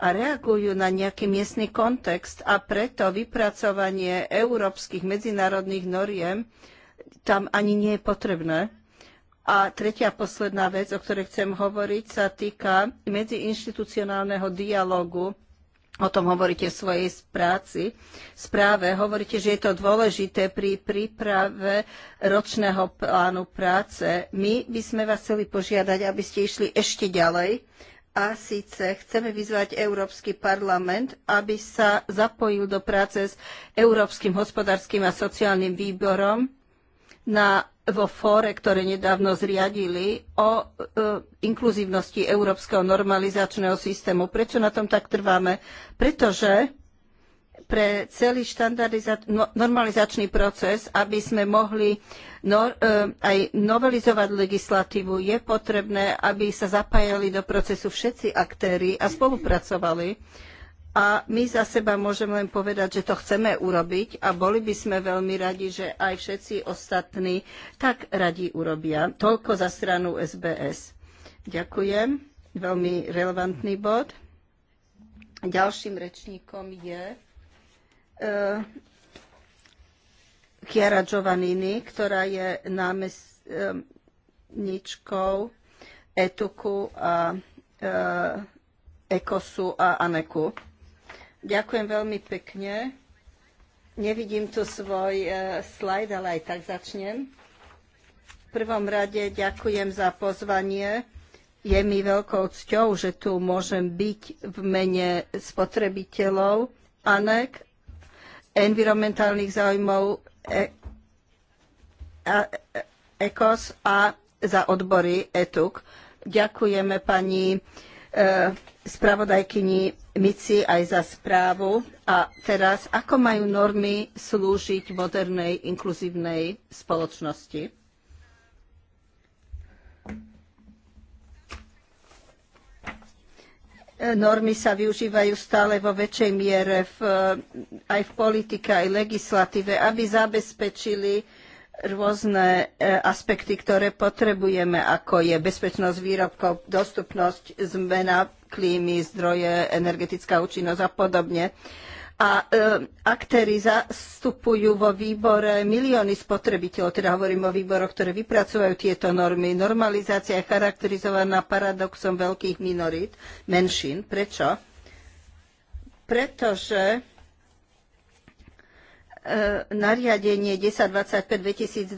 a reagujú na nejaký miestny kontext a preto vypracovanie európskych medzinárodných noriem tam ani nie je potrebné. A tretia posledná vec, o ktorej chcem hovoriť, sa týka medziinštitucionálneho dialogu O tom hovoríte v svojej práci, správe. Hovoríte, že je to dôležité pri príprave ročného plánu práce. My by sme vás chceli požiadať, aby ste išli ešte ďalej. A síce chceme vyzvať Európsky parlament, aby sa zapojil do práce s Európskym hospodárskym a sociálnym výborom na, vo fóre, ktoré nedávno zriadili, o e, inkluzívnosti európskeho normalizačného systému. Prečo na tom tak trváme? Pretože pre celý štandardiza- no, normalizačný proces, aby sme mohli no, e, aj novelizovať legislatívu, je potrebné, aby sa zapájali do procesu všetci aktéry a spolupracovali a my za seba môžem len povedať, že to chceme urobiť a boli by sme veľmi radi, že aj všetci ostatní tak radi urobia. Toľko za stranu SBS. Ďakujem. Veľmi relevantný bod. Ďalším rečníkom je uh, Chiara Giovannini, ktorá je námestničkou Etuku a uh, e, Ekosu a Aneku. Ďakujem veľmi pekne. Nevidím tu svoj e, slajd, ale aj tak začnem. V prvom rade ďakujem za pozvanie. Je mi veľkou cťou, že tu môžem byť v mene spotrebiteľov ANEK, environmentálnych záujmov e- a- ECOS a za odbory ETUK. Ďakujeme pani e, spravodajkyni Mici aj za správu. A teraz, ako majú normy slúžiť modernej inkluzívnej spoločnosti? Normy sa využívajú stále vo väčšej miere v, aj v politike, aj legislatíve, aby zabezpečili rôzne e, aspekty, ktoré potrebujeme, ako je bezpečnosť výrobkov, dostupnosť, zmena klímy, zdroje, energetická účinnosť a podobne. A e, aktéry zastupujú vo výbore milióny spotrebiteľov, teda hovorím o výboroch, ktoré vypracovajú tieto normy. Normalizácia je charakterizovaná paradoxom veľkých minorít, menšín. Prečo? Pretože E, nariadenie 1025-2012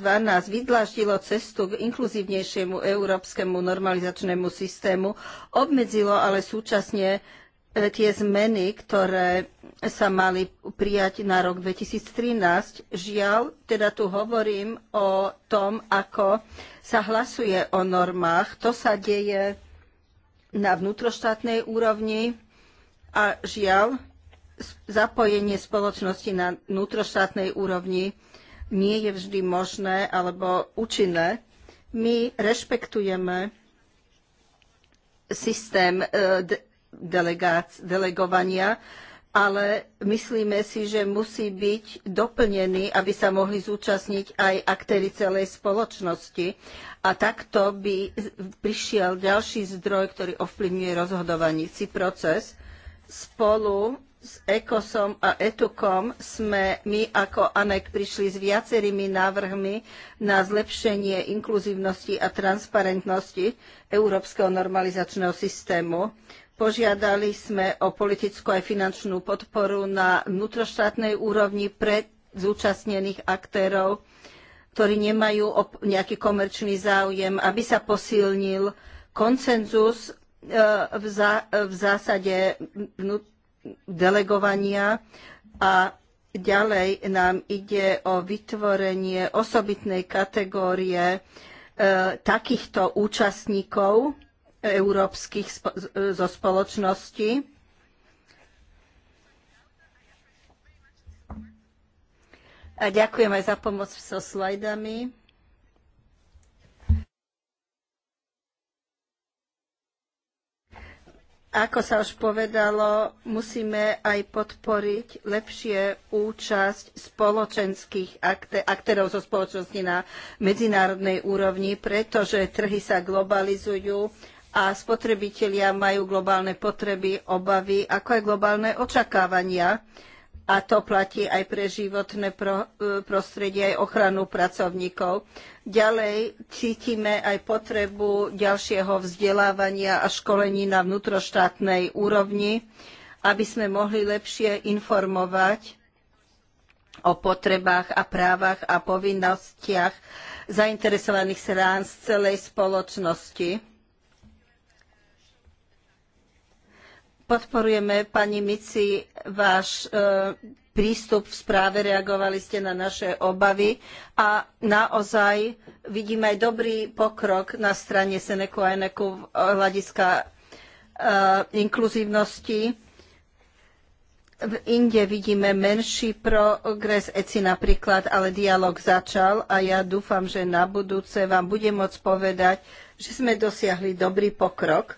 vydláždilo cestu k inkluzívnejšiemu európskemu normalizačnému systému, obmedzilo ale súčasne e, tie zmeny, ktoré sa mali prijať na rok 2013. Žiaľ, teda tu hovorím o tom, ako sa hlasuje o normách. To sa deje na vnútroštátnej úrovni a žiaľ, zapojenie spoločnosti na vnútroštátnej úrovni nie je vždy možné alebo účinné. My rešpektujeme systém e, delegovania, ale myslíme si, že musí byť doplnený, aby sa mohli zúčastniť aj aktéry celej spoločnosti. A takto by prišiel ďalší zdroj, ktorý ovplyvňuje rozhodovací proces. Spolu s ECOSom a ETUKom sme my ako ANEK prišli s viacerými návrhmi na zlepšenie inkluzívnosti a transparentnosti Európskeho normalizačného systému. Požiadali sme o politickú aj finančnú podporu na vnútroštátnej úrovni pre zúčastnených aktérov, ktorí nemajú nejaký komerčný záujem, aby sa posilnil koncenzus e, v, zásade vnútroštátnej delegovania a ďalej nám ide o vytvorenie osobitnej kategórie e, takýchto účastníkov európskych spo- zo spoločnosti. A ďakujem aj za pomoc so slajdami. Ako sa už povedalo, musíme aj podporiť lepšie účasť spoločenských akte, aktérov zo spoločnosti na medzinárodnej úrovni, pretože trhy sa globalizujú a spotrebitelia majú globálne potreby, obavy, ako aj globálne očakávania a to platí aj pre životné e, prostredie, aj ochranu pracovníkov. Ďalej cítime aj potrebu ďalšieho vzdelávania a školení na vnútroštátnej úrovni, aby sme mohli lepšie informovať o potrebách a právach a povinnostiach zainteresovaných strán z celej spoločnosti Podporujeme, pani Mici, váš e, prístup v správe, reagovali ste na naše obavy a naozaj vidím aj dobrý pokrok na strane Seneku a Eneku hľadiska e, inkluzívnosti. V Inde vidíme menší progres ECI napríklad, ale dialog začal a ja dúfam, že na budúce vám budem môcť povedať, že sme dosiahli dobrý pokrok.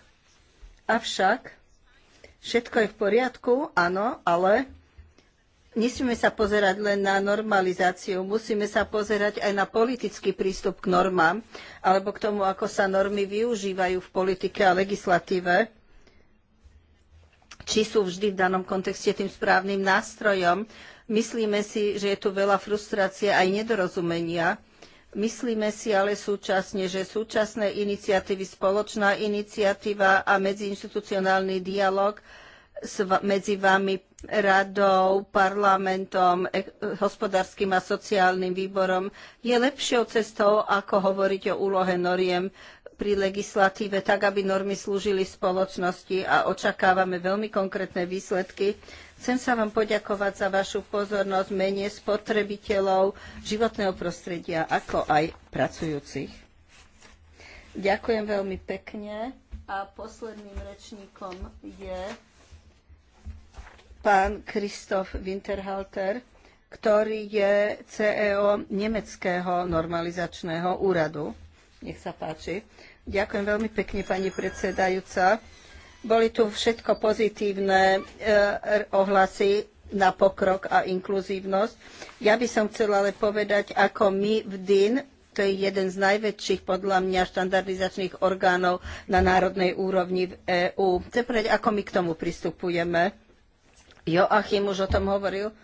Avšak Všetko je v poriadku, áno, ale nesmíme sa pozerať len na normalizáciu, musíme sa pozerať aj na politický prístup k normám alebo k tomu, ako sa normy využívajú v politike a legislatíve či sú vždy v danom kontexte tým správnym nástrojom. Myslíme si, že je tu veľa frustrácie aj nedorozumenia Myslíme si ale súčasne, že súčasné iniciatívy, spoločná iniciatíva a medziinstitucionálny dialog medzi vami, radou, parlamentom, e- hospodárskym a sociálnym výborom je lepšou cestou, ako hovoriť o úlohe noriem pri legislatíve tak, aby normy slúžili spoločnosti a očakávame veľmi konkrétne výsledky. Chcem sa vám poďakovať za vašu pozornosť mene spotrebiteľov životného prostredia, ako aj pracujúcich. Ďakujem veľmi pekne a posledným rečníkom je pán Kristof Winterhalter, ktorý je CEO Nemeckého normalizačného úradu. Nech sa páči. Ďakujem veľmi pekne, pani predsedajúca. Boli tu všetko pozitívne eh, ohlasy na pokrok a inkluzívnosť. Ja by som chcela ale povedať, ako my v DIN to je jeden z najväčších podľa mňa štandardizačných orgánov na národnej úrovni v EÚ. Chcem povedať, ako my k tomu pristupujeme. Joachim už o tom hovoril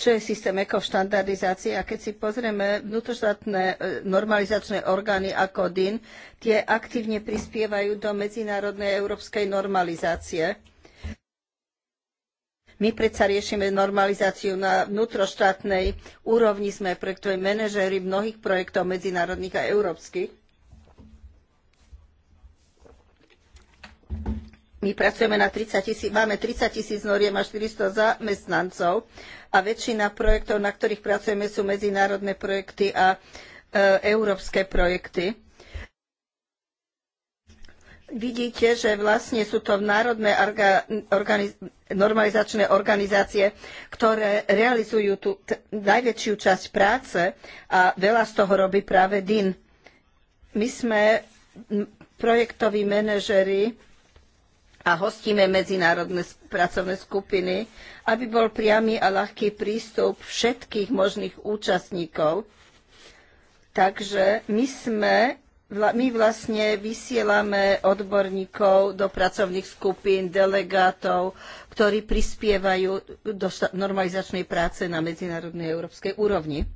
čo je systém ekoštandardizácie. A keď si pozrieme vnútroštátne e, normalizačné orgány ako DIN, tie aktívne prispievajú do medzinárodnej európskej normalizácie. My predsa riešime normalizáciu na vnútroštátnej úrovni, sme projektoví manažéri mnohých projektov medzinárodných a európskych. My pracujeme na 30 tisíc, máme 30 tisíc noriem a 400 zamestnancov a väčšina projektov, na ktorých pracujeme, sú medzinárodné projekty a e, európske projekty. Vidíte, že vlastne sú to národné orga, organiz, normalizačné organizácie, ktoré realizujú tú najväčšiu časť práce a veľa z toho robí práve DIN. My sme projektoví manažery a hostíme medzinárodné pracovné skupiny, aby bol priamy a ľahký prístup všetkých možných účastníkov. Takže my sme my vlastne vysielame odborníkov do pracovných skupín, delegátov, ktorí prispievajú do normalizačnej práce na medzinárodnej európskej úrovni.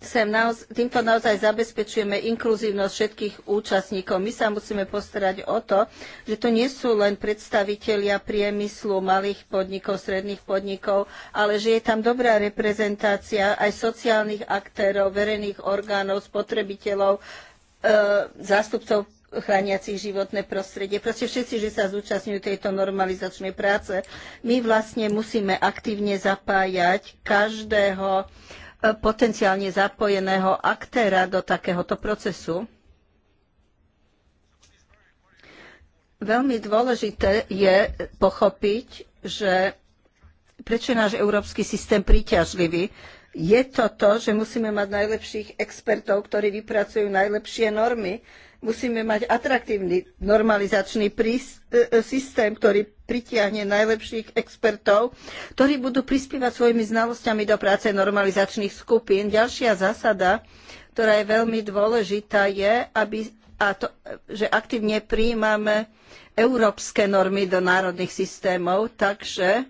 Sem naoz, týmto naozaj zabezpečujeme inkluzívnosť všetkých účastníkov. My sa musíme postarať o to, že to nie sú len predstavitelia priemyslu, malých podnikov, stredných podnikov, ale že je tam dobrá reprezentácia aj sociálnych aktérov, verejných orgánov, spotrebiteľov, e, zástupcov chrániacich životné prostredie. Proste všetci, že sa zúčastňujú tejto normalizačnej práce. My vlastne musíme aktívne zapájať každého potenciálne zapojeného aktéra do takéhoto procesu. Veľmi dôležité je pochopiť, že prečo je náš európsky systém príťažlivý. Je to to, že musíme mať najlepších expertov, ktorí vypracujú najlepšie normy, Musíme mať atraktívny normalizačný prís, e, e, systém, ktorý pritiahne najlepších expertov, ktorí budú prispievať svojimi znalosťami do práce normalizačných skupín. Ďalšia zásada, ktorá je veľmi dôležitá, je, aby, a to, že aktívne prijímame európske normy do národných systémov, takže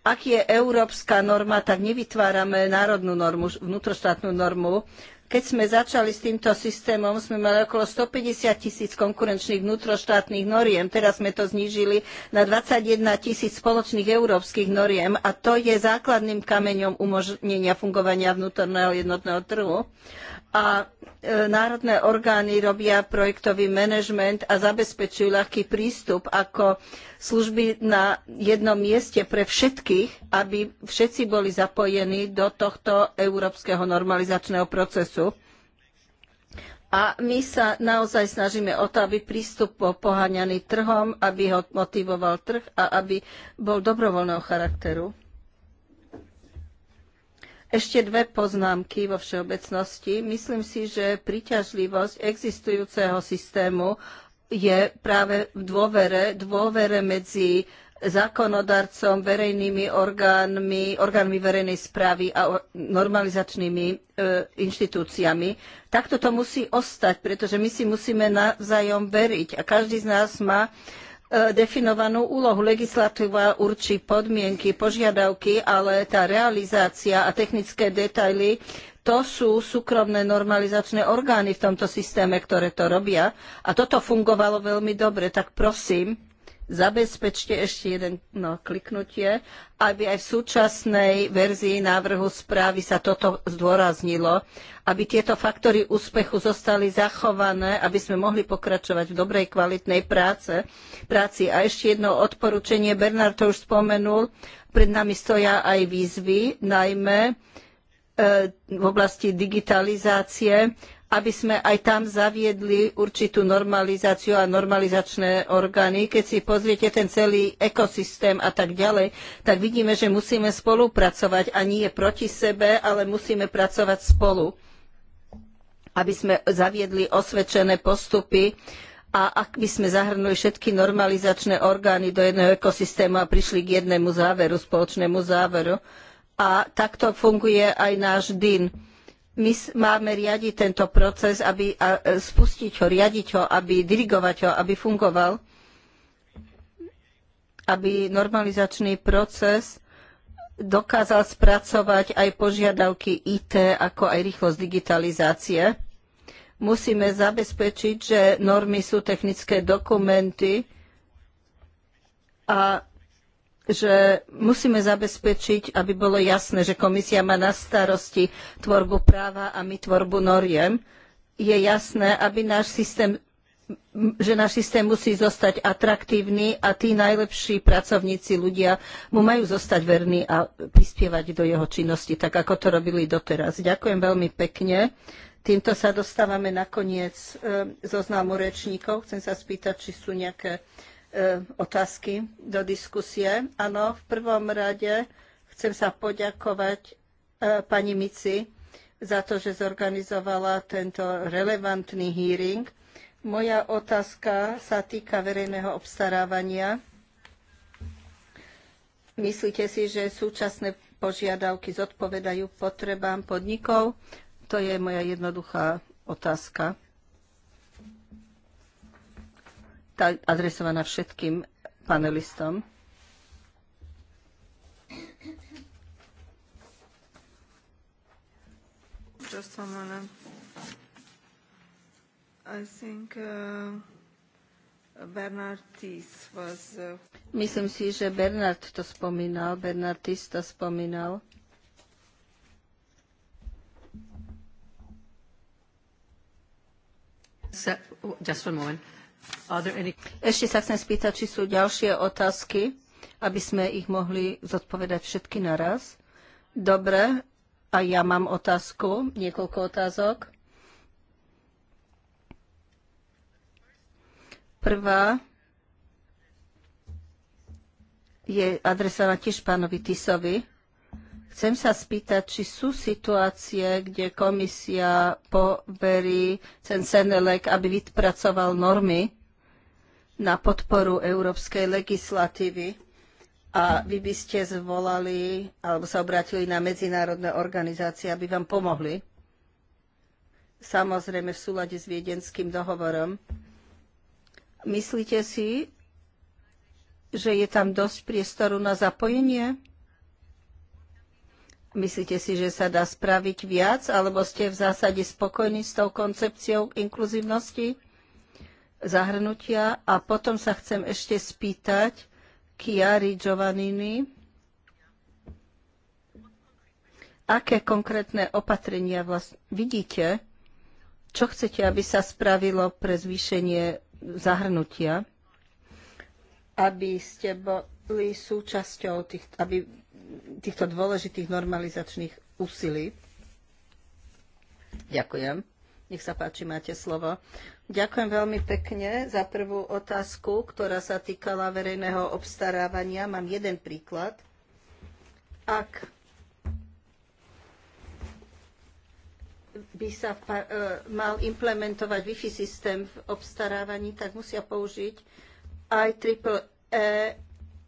ak je európska norma, tak nevytvárame národnú normu, vnútroštátnu normu. Keď sme začali s týmto systémom, sme mali okolo 150 tisíc konkurenčných vnútroštátnych noriem. Teraz sme to znížili na 21 tisíc spoločných európskych noriem a to je základným kameňom umožnenia fungovania vnútorného jednotného trhu. A e, národné orgány robia projektový manažment a zabezpečujú ľahký prístup ako služby na jednom mieste pre všetkých, aby všetci boli zapojení do tohto európskeho normalizačného procesu. A my sa naozaj snažíme o to, aby prístup bol poháňaný trhom, aby ho motivoval trh a aby bol dobrovoľného charakteru. Ešte dve poznámky vo všeobecnosti. Myslím si, že príťažlivosť existujúceho systému je práve v dôvere, dôvere medzi zákonodarcom, verejnými orgánmi, orgánmi verejnej správy a normalizačnými e, inštitúciami. Takto to musí ostať, pretože my si musíme navzájom veriť a každý z nás má e, definovanú úlohu. Legislatíva určí podmienky, požiadavky, ale tá realizácia a technické detaily to sú súkromné normalizačné orgány v tomto systéme, ktoré to robia. A toto fungovalo veľmi dobre, tak prosím, zabezpečte ešte jedno kliknutie, aby aj v súčasnej verzii návrhu správy sa toto zdôraznilo, aby tieto faktory úspechu zostali zachované, aby sme mohli pokračovať v dobrej kvalitnej práce, práci. A ešte jedno odporúčanie, Bernard to už spomenul, pred nami stoja aj výzvy, najmä e, v oblasti digitalizácie aby sme aj tam zaviedli určitú normalizáciu a normalizačné orgány. Keď si pozriete ten celý ekosystém a tak ďalej, tak vidíme, že musíme spolupracovať a nie proti sebe, ale musíme pracovať spolu aby sme zaviedli osvedčené postupy a ak by sme zahrnuli všetky normalizačné orgány do jedného ekosystému a prišli k jednému záveru, spoločnému záveru. A takto funguje aj náš DIN my máme riadiť tento proces, aby a e, spustiť ho, riadiť ho, aby dirigovať ho, aby fungoval, aby normalizačný proces dokázal spracovať aj požiadavky IT, ako aj rýchlosť digitalizácie. Musíme zabezpečiť, že normy sú technické dokumenty a že musíme zabezpečiť, aby bolo jasné, že komisia má na starosti tvorbu práva a my tvorbu noriem. Je jasné, aby náš systém že náš systém musí zostať atraktívny a tí najlepší pracovníci ľudia mu majú zostať verní a prispievať do jeho činnosti, tak ako to robili doteraz. Ďakujem veľmi pekne. Týmto sa dostávame na koniec eh, zoznamu rečníkov. Chcem sa spýtať, či sú nejaké E, otázky do diskusie. Áno, v prvom rade chcem sa poďakovať e, pani Mici za to, že zorganizovala tento relevantný hearing. Moja otázka sa týka verejného obstarávania. Myslíte si, že súčasné požiadavky zodpovedajú potrebám podnikov? To je moja jednoduchá otázka. tá adresovaná všetkým panelistom. Just a moment. I think uh, Bernard Tis was... Uh... Myslím si, že Bernard to spomínal. Bernard Tis to spomínal. So, just one moment. Ešte sa chcem spýtať, či sú ďalšie otázky, aby sme ich mohli zodpovedať všetky naraz. Dobre, a ja mám otázku, niekoľko otázok. Prvá je adresovaná tiež pánovi Tisovi. Chcem sa spýtať, či sú situácie, kde komisia poverí ten Senelek, aby vypracoval normy na podporu európskej legislatívy a vy by ste zvolali alebo sa obrátili na medzinárodné organizácie, aby vám pomohli. Samozrejme v súlade s viedenským dohovorom. Myslíte si, že je tam dosť priestoru na zapojenie? Myslíte si, že sa dá spraviť viac, alebo ste v zásade spokojní s tou koncepciou inkluzívnosti, zahrnutia? A potom sa chcem ešte spýtať Chiari Giovannini, aké konkrétne opatrenia vlastne vidíte, čo chcete, aby sa spravilo pre zvýšenie zahrnutia, aby ste boli súčasťou tých, aby týchto dôležitých normalizačných úsilí. Ďakujem. Nech sa páči, máte slovo. Ďakujem veľmi pekne za prvú otázku, ktorá sa týkala verejného obstarávania. Mám jeden príklad. Ak by sa e, mal implementovať Wi-Fi systém v obstarávaní, tak musia použiť aj triple E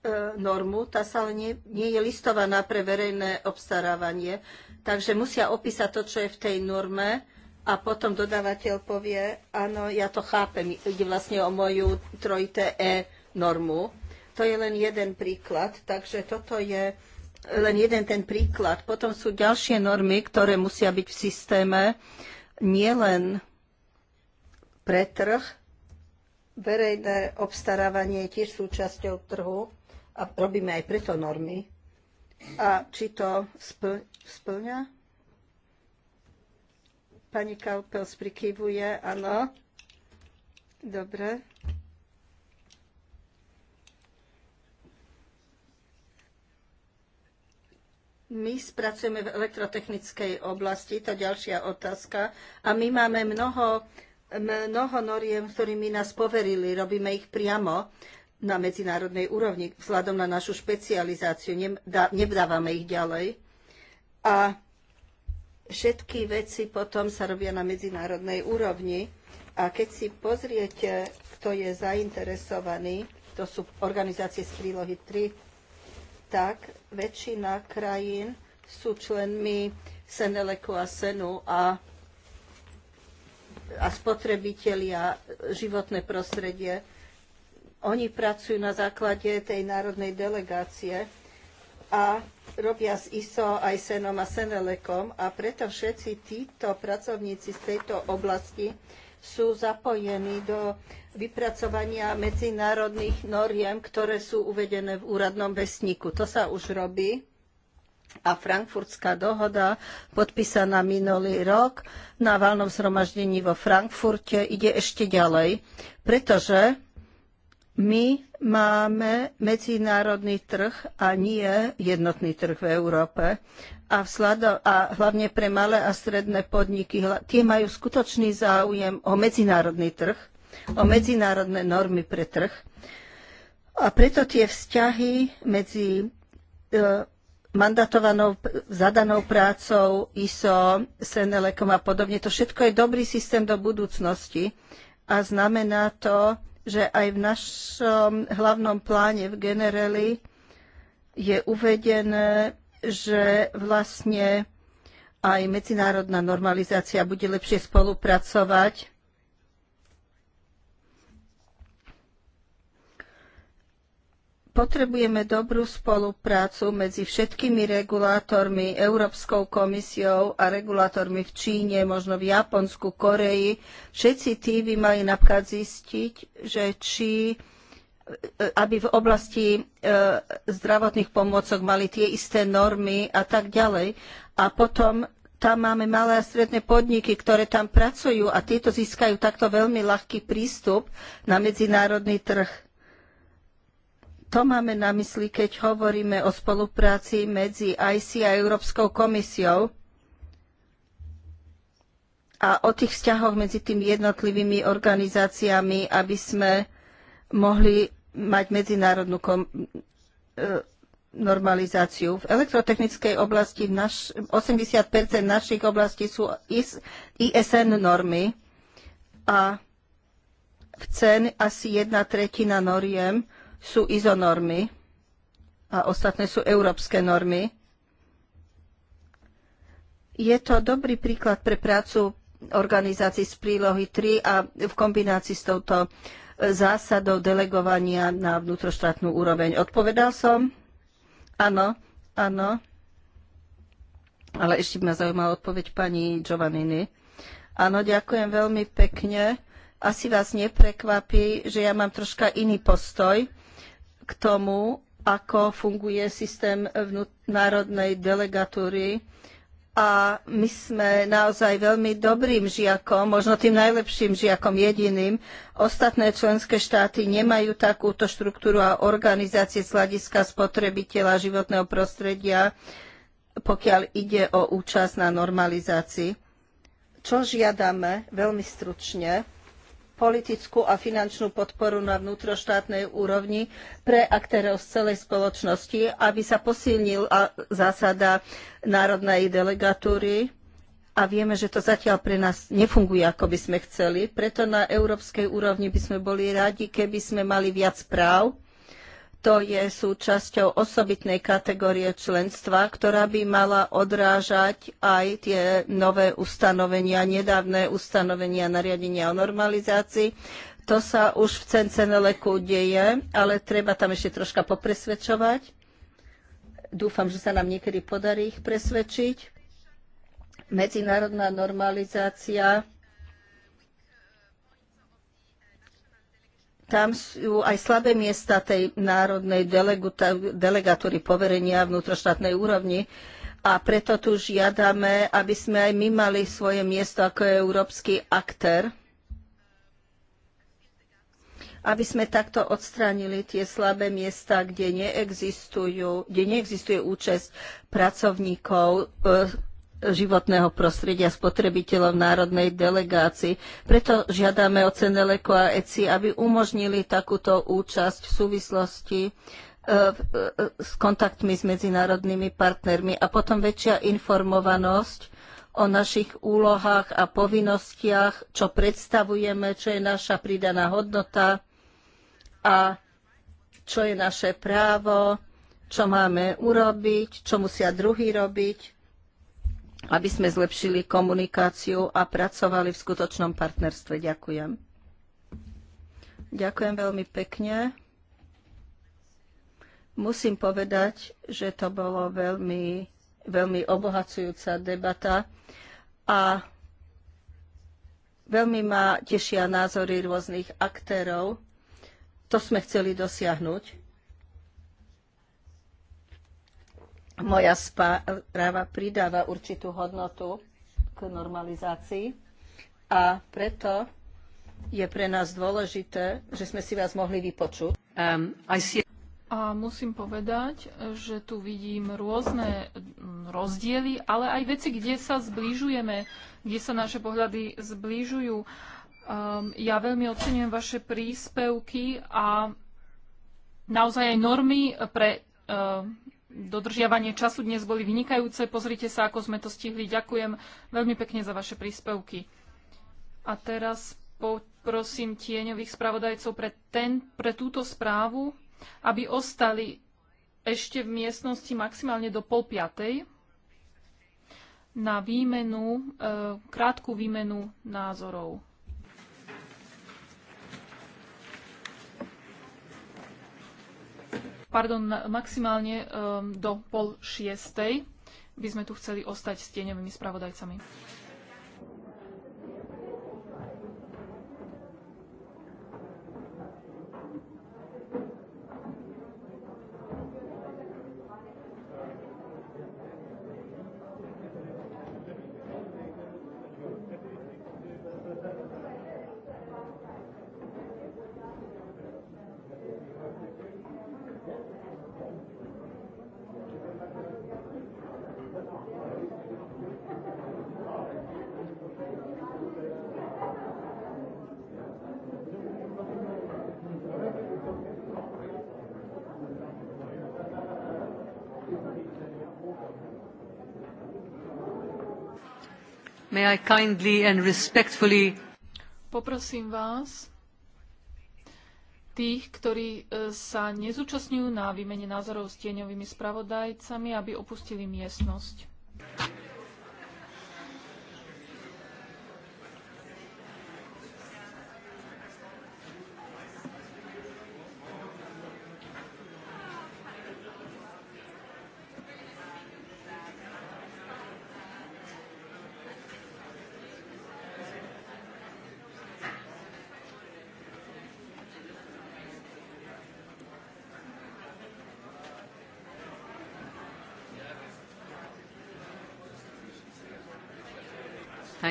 E, normu, tá sa nie, nie je listovaná pre verejné obstarávanie. Takže musia opísať to, čo je v tej norme a potom dodávateľ povie, áno, ja to chápem, ide vlastne o moju trojité E normu. To je len jeden príklad, takže toto je len jeden ten príklad. Potom sú ďalšie normy, ktoré musia byť v systéme nielen pre trh, verejné obstarávanie je tiež súčasťou trhu, a robíme aj preto normy. A či to spl- splňa? Pani Kalpels prikyvuje, áno. Dobre. My spracujeme v elektrotechnickej oblasti, to ďalšia otázka. A my máme mnoho, mnoho noriem, ktorými nás poverili, robíme ich priamo na medzinárodnej úrovni, vzhľadom na našu špecializáciu, nevdávame ich ďalej. A všetky veci potom sa robia na medzinárodnej úrovni. A keď si pozriete, kto je zainteresovaný, to sú organizácie z prílohy 3, tak väčšina krajín sú členmi Seneleku a Senu a a spotrebitelia, životné prostredie oni pracujú na základe tej národnej delegácie a robia s ISO aj Senom a Senelekom a preto všetci títo pracovníci z tejto oblasti sú zapojení do vypracovania medzinárodných noriem, ktoré sú uvedené v úradnom vesníku. To sa už robí a frankfurtská dohoda podpísaná minulý rok na valnom zhromaždení vo Frankfurte ide ešte ďalej, pretože my máme medzinárodný trh a nie jednotný trh v Európe. A, a hlavne pre malé a stredné podniky, tie majú skutočný záujem o medzinárodný trh, o medzinárodné normy pre trh. A preto tie vzťahy medzi e, mandatovanou, zadanou prácou, ISO, Senelekom a podobne, to všetko je dobrý systém do budúcnosti a znamená to, že aj v našom hlavnom pláne v Genereli je uvedené, že vlastne aj medzinárodná normalizácia bude lepšie spolupracovať Potrebujeme dobrú spoluprácu medzi všetkými regulátormi, Európskou komisiou a regulátormi v Číne, možno v Japonsku, Koreji. Všetci tí by mali napríklad zistiť, že či e, aby v oblasti e, zdravotných pomôcok mali tie isté normy a tak ďalej. A potom tam máme malé a stredné podniky, ktoré tam pracujú a tieto získajú takto veľmi ľahký prístup na medzinárodný trh to máme na mysli, keď hovoríme o spolupráci medzi IC a Európskou komisiou a o tých vzťahoch medzi tými jednotlivými organizáciami, aby sme mohli mať medzinárodnú e, normalizáciu. V elektrotechnickej oblasti naš- 80 našich oblastí sú ISN normy a v cen asi jedna tretina noriem sú izonormy a ostatné sú európske normy. Je to dobrý príklad pre prácu organizácií z prílohy 3 a v kombinácii s touto zásadou delegovania na vnútroštátnu úroveň. Odpovedal som? Áno, áno. Ale ešte by ma zaujímala odpoveď pani Giovannini. Áno, ďakujem veľmi pekne. Asi vás neprekvapí, že ja mám troška iný postoj k tomu, ako funguje systém národnej delegatúry. A my sme naozaj veľmi dobrým žiakom, možno tým najlepším žiakom jediným. Ostatné členské štáty nemajú takúto štruktúru a organizácie z hľadiska spotrebiteľa životného prostredia, pokiaľ ide o účasť na normalizácii. Čo žiadame veľmi stručne politickú a finančnú podporu na vnútroštátnej úrovni pre aktérov z celej spoločnosti, aby sa posilnila zásada národnej delegatúry. A vieme, že to zatiaľ pre nás nefunguje, ako by sme chceli. Preto na európskej úrovni by sme boli radi, keby sme mali viac práv to je súčasťou osobitnej kategórie členstva, ktorá by mala odrážať aj tie nové ustanovenia, nedávne ustanovenia nariadenia o normalizácii. To sa už v Cenceneleku deje, ale treba tam ešte troška popresvedčovať. Dúfam, že sa nám niekedy podarí ich presvedčiť. Medzinárodná normalizácia tam sú aj slabé miesta tej národnej delegatúry poverenia vnútroštátnej úrovni a preto tu žiadame, aby sme aj my mali svoje miesto ako európsky aktér, aby sme takto odstránili tie slabé miesta, kde, neexistujú, kde neexistuje účasť pracovníkov e, životného prostredia spotrebiteľov v národnej delegácii. Preto žiadame od Ceneleco a ECI, aby umožnili takúto účasť v súvislosti e, e, s kontaktmi s medzinárodnými partnermi a potom väčšia informovanosť o našich úlohách a povinnostiach, čo predstavujeme, čo je naša pridaná hodnota a čo je naše právo, čo máme urobiť, čo musia druhý robiť aby sme zlepšili komunikáciu a pracovali v skutočnom partnerstve. Ďakujem. Ďakujem veľmi pekne. Musím povedať, že to bolo veľmi, veľmi obohacujúca debata a veľmi ma tešia názory rôznych aktérov. To sme chceli dosiahnuť. moja správa pridáva určitú hodnotu k normalizácii a preto je pre nás dôležité, že sme si vás mohli vypočuť. Um, a musím povedať, že tu vidím rôzne mm, rozdiely, ale aj veci, kde sa zbližujeme, kde sa naše pohľady zbližujú. Um, ja veľmi ocenujem vaše príspevky a naozaj aj normy pre uh, dodržiavanie času dnes boli vynikajúce. Pozrite sa, ako sme to stihli. Ďakujem veľmi pekne za vaše príspevky. A teraz poprosím tieňových spravodajcov pre, ten, pre túto správu, aby ostali ešte v miestnosti maximálne do pol piatej na výmenu, e, krátku výmenu názorov. pardon, maximálne ehm, do pol šiestej by sme tu chceli ostať s tieňovými spravodajcami. I kindly and respectfully Poprosím vás, tých, ktorí e, sa nezúčastňujú na výmene názorov s tieňovými spravodajcami, aby opustili miestnosť.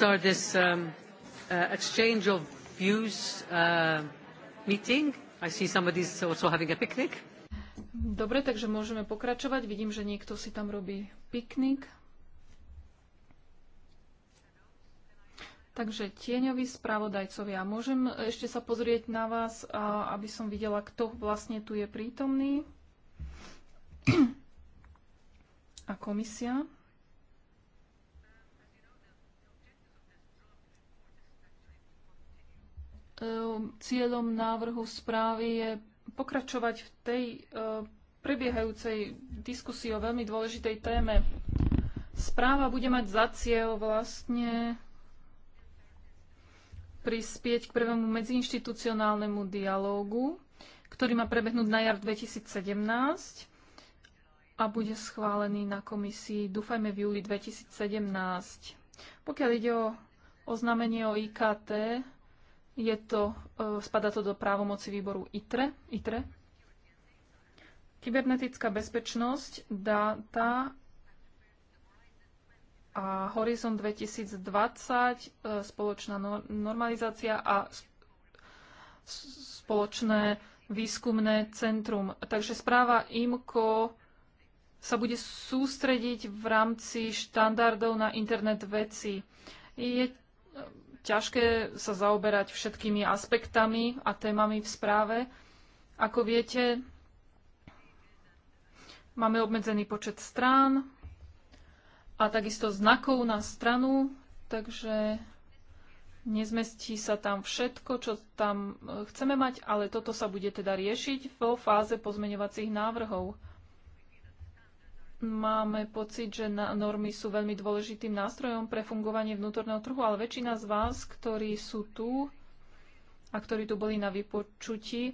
start this um, uh, exchange of views uh, meeting. I see somebody is also having a picnic. Dobre, takže môžeme pokračovať. Vidím, že niekto si tam robí piknik. Takže tieňoví spravodajcovia, môžem ešte sa pozrieť na vás, aby som videla, kto vlastne tu je prítomný *clears throat* a komisia. Ehm, cieľom návrhu správy je pokračovať v tej ehm, prebiehajúcej diskusii o veľmi dôležitej téme. Správa bude mať za cieľ vlastne prispieť k prvému medziinštitucionálnemu dialógu, ktorý má prebehnúť na jar 2017 a bude schválený na komisii, dúfajme v júli 2017. Pokiaľ ide o oznámenie o IKT, je to, e, spada to do právomoci výboru ITRE. ITRE. Kybernetická bezpečnosť, dáta a Horizon 2020, e, spoločná no-, normalizácia a spoločné výskumné centrum. Takže správa IMCO sa bude sústrediť v rámci štandardov na internet veci. Je, ťažké sa zaoberať všetkými aspektami a témami v správe. Ako viete, máme obmedzený počet strán a takisto znakov na stranu, takže nezmestí sa tam všetko, čo tam e, chceme mať, ale toto sa bude teda riešiť vo fáze pozmeňovacích návrhov. Máme pocit, že normy sú veľmi dôležitým nástrojom pre fungovanie vnútorného trhu, ale väčšina z vás, ktorí sú tu a ktorí tu boli na vypočutí,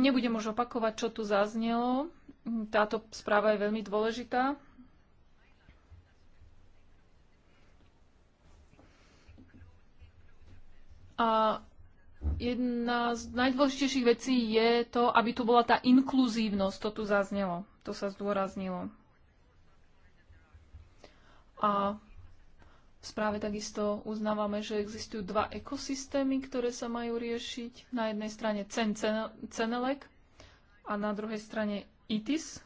nebudem už opakovať, čo tu zaznelo. Táto správa je veľmi dôležitá. A jedna z najdôležitejších vecí je to, aby tu bola tá inkluzívnosť, to tu zaznelo, to sa zdôraznilo. A v správe takisto uznávame, že existujú dva ekosystémy, ktoré sa majú riešiť. Na jednej strane cen, cen Cenelek a na druhej strane ITIS.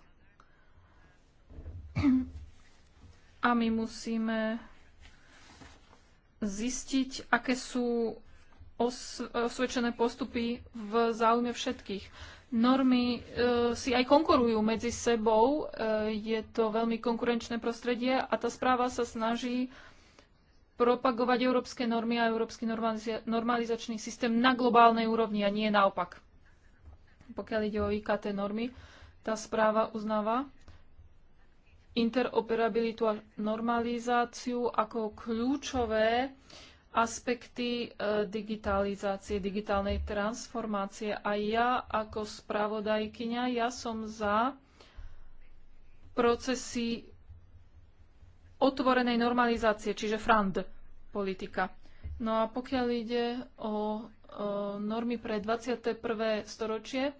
A my musíme zistiť, aké sú os- osvedčené postupy v záujme všetkých. Normy e, si aj konkurujú medzi sebou, e, je to veľmi konkurenčné prostredie a tá správa sa snaží propagovať európske normy a európsky normalizia- normalizačný systém na globálnej úrovni a nie naopak. Pokiaľ ide o IKT normy, tá správa uznáva interoperabilitu a normalizáciu ako kľúčové aspekty e, digitalizácie, digitálnej transformácie. A ja ako spravodajkyňa, ja som za procesy otvorenej normalizácie, čiže FRAND politika. No a pokiaľ ide o, o e, normy pre 21. storočie,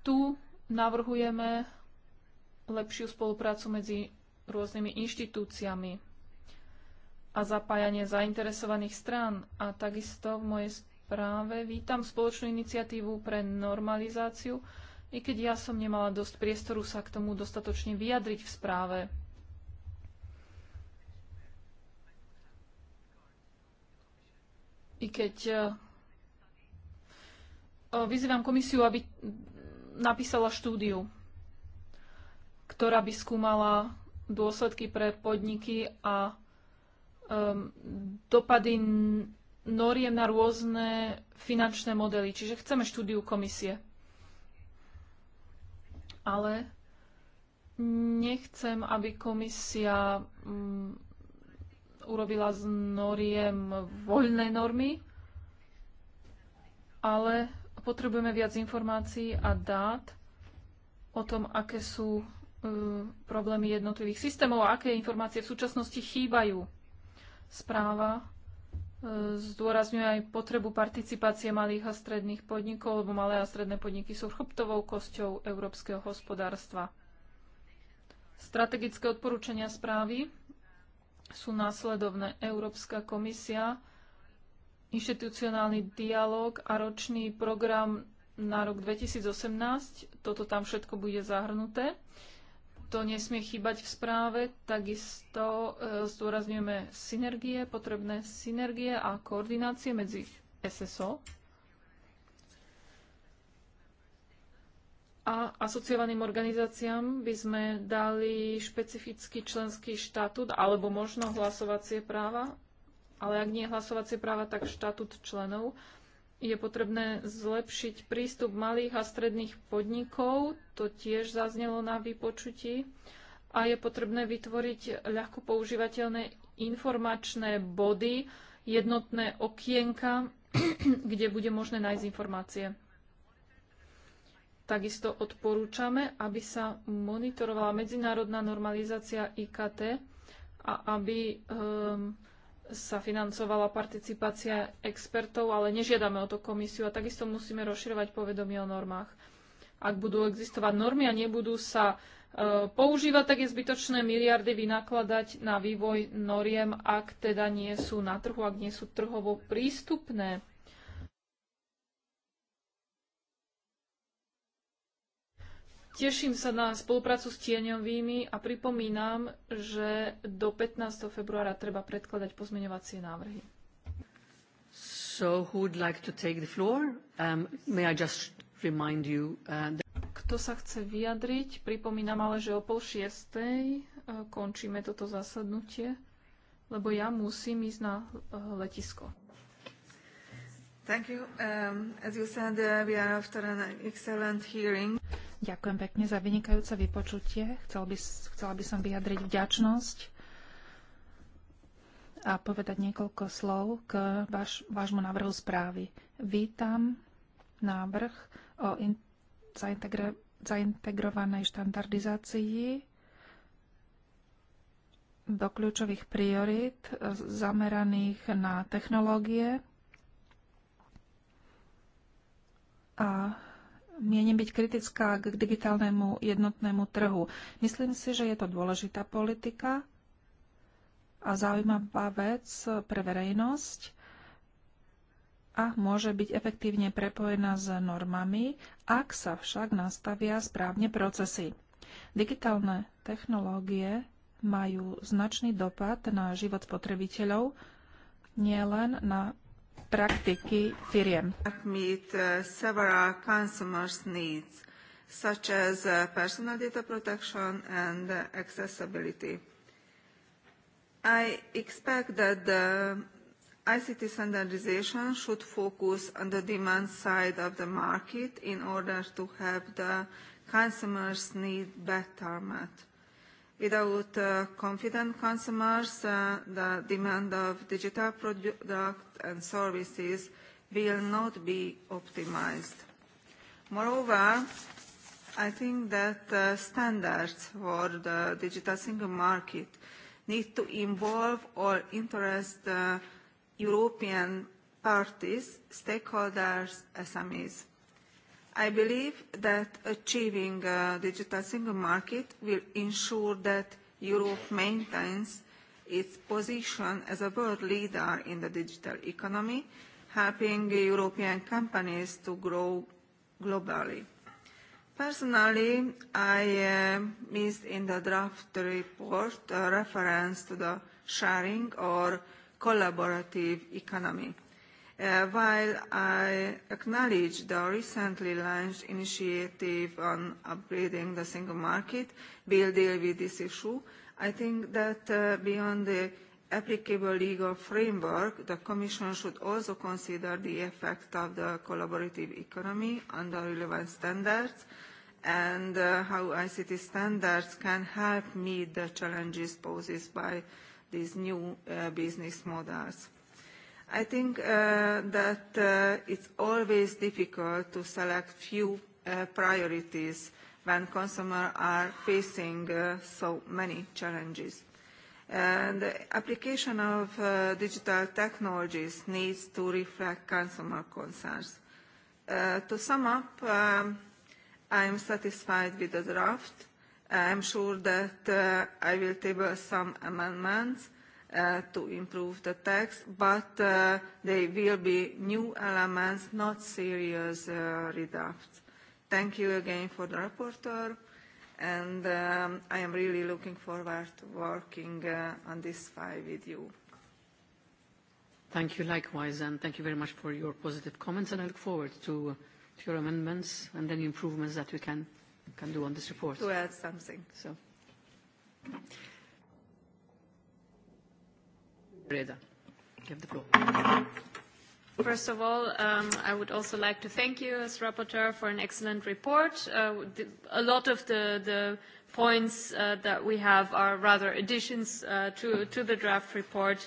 tu navrhujeme lepšiu spoluprácu medzi rôznymi inštitúciami a zapájanie zainteresovaných strán. A takisto v mojej správe vítam spoločnú iniciatívu pre normalizáciu, i keď ja som nemala dosť priestoru sa k tomu dostatočne vyjadriť v správe. I keď e, e, vyzývam komisiu, aby napísala štúdiu ktorá by skúmala dôsledky pre podniky a um, dopady noriem na rôzne finančné modely. Čiže chceme štúdiu komisie. Ale nechcem, aby komisia um, urobila z noriem voľné normy, ale potrebujeme viac informácií a dát o tom, aké sú E, problémy jednotlivých systémov a aké informácie v súčasnosti chýbajú. Správa e, zdôrazňuje aj potrebu participácie malých a stredných podnikov, lebo malé a stredné podniky sú chrbtovou kosťou európskeho hospodárstva. Strategické odporúčania správy sú následovné. Európska komisia, inštitucionálny dialog a ročný program na rok 2018. Toto tam všetko bude zahrnuté to nesmie chýbať v správe. Takisto e, zdôrazňujeme synergie, potrebné synergie a koordinácie medzi SSO a asociovaným organizáciám by sme dali špecifický členský štatút alebo možno hlasovacie práva, ale ak nie hlasovacie práva, tak štatút členov je potrebné zlepšiť prístup malých a stredných podnikov, to tiež zaznelo na vypočutí, a je potrebné vytvoriť ľahko používateľné informačné body, jednotné okienka, *clears throat* kde bude možné nájsť informácie. Takisto odporúčame, aby sa monitorovala medzinárodná normalizácia IKT a aby um, sa financovala participácia expertov, ale nežiadame o to komisiu a takisto musíme rozširovať povedomie o normách. Ak budú existovať normy a nebudú sa e, používať, tak je zbytočné miliardy vynakladať na vývoj noriem, ak teda nie sú na trhu, ak nie sú trhovo prístupné. Teším sa na spoluprácu s tieňovými a pripomínam, že do 15. februára treba predkladať pozmeňovacie návrhy. So who'd like to take the floor? Um, may I just remind you uh, that... Kto sa chce vyjadriť? Pripomínam ale, že o pol šiestej uh, končíme toto zasadnutie, lebo ja musím ísť na uh, letisko. Thank you. Um, as you said, uh, we are after an excellent hearing. Ďakujem pekne za vynikajúce vypočutie. Chcel by, chcela by som vyjadriť vďačnosť a povedať niekoľko slov k váš, vášmu návrhu správy. Vítam návrh o in, zaintegre, zaintegrovanej štandardizácii do kľúčových priorit zameraných na technológie a mienim byť kritická k digitálnemu jednotnému trhu. Myslím si, že je to dôležitá politika a zaujímavá vec pre verejnosť a môže byť efektívne prepojená s normami, ak sa však nastavia správne procesy. Digitálne technológie majú značný dopad na život spotrebiteľov, nielen na praktiky firiem. Meet, eh, needs, such as eh, personal data protection and accessibility. I expect that the ICT standardization should focus on the demand side of the market in order to have the consumers' need better met. Without uh, confident consumers, uh, the demand of digital products and services will not be optimized. Moreover, I think that uh, standards for the digital single market need to involve or interest the European parties, stakeholders, SMEs. I believe that achieving a digital single market will ensure that Europe maintains its position as a world leader in the digital economy, helping European companies to grow globally. Personally, I uh, missed in the draft report a reference to the sharing or collaborative economy. Uh, while I acknowledge the recently launched initiative on upgrading the single market will deal with this issue, I think that uh, beyond the applicable legal framework, the Commission should also consider the effect of the collaborative economy on the relevant standards and uh, how ICT standards can help meet the challenges posed by these new business models. I think uh, that uh, it's always difficult to select few uh, priorities when consumers are facing uh, so many challenges. And the application of uh, digital technologies needs to reflect consumer concerns. Uh, to sum up, um, I am satisfied with the draft. I am sure that uh, I will table some amendments uh, to improve the text, but uh, they will be new elements, not serious uh, redrafts. Thank you again for the reporter, and um, I am really looking forward to working uh, on this file with you. Thank you likewise, and thank you very much for your positive comments, and I look forward to, uh, to your amendments and any improvements that we can, can do on this report. To add something. So. Thank you the floor. First of all, um, I would also like to thank you as rapporteur for an excellent report. Uh, the, a lot of the, the points uh, that we have are rather additions uh, to, to the draft report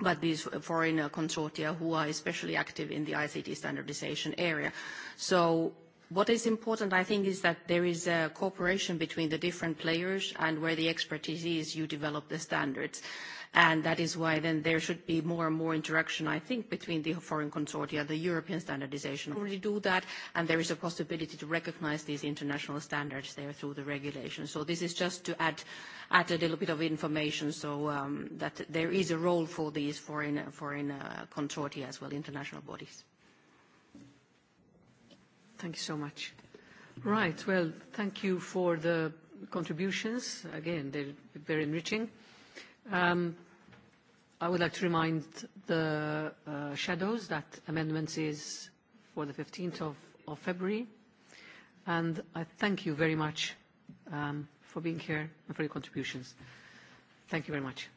but these foreign consortia who are especially active in the ICT standardization area. So What is important, I think, is that there is a cooperation between the different players and where the expertise is, you develop the standards and that is why then there should be more and more interaction, I think, between the foreign consortia, the European standardization mm-hmm. already do that, and there is a possibility to recognize these international standards there through the regulation. So this is just to add, add a little bit of information so um, that there is a role for these foreign, uh, consortia as well, international bodies. Thank you so much. Right. Well, thank you for the contributions. Again, they're very enriching. Um, I would like to remind the uh, shadows that amendments is for the 15th of, of February. And I thank you very much um, for being here and for your contributions. Thank you very much.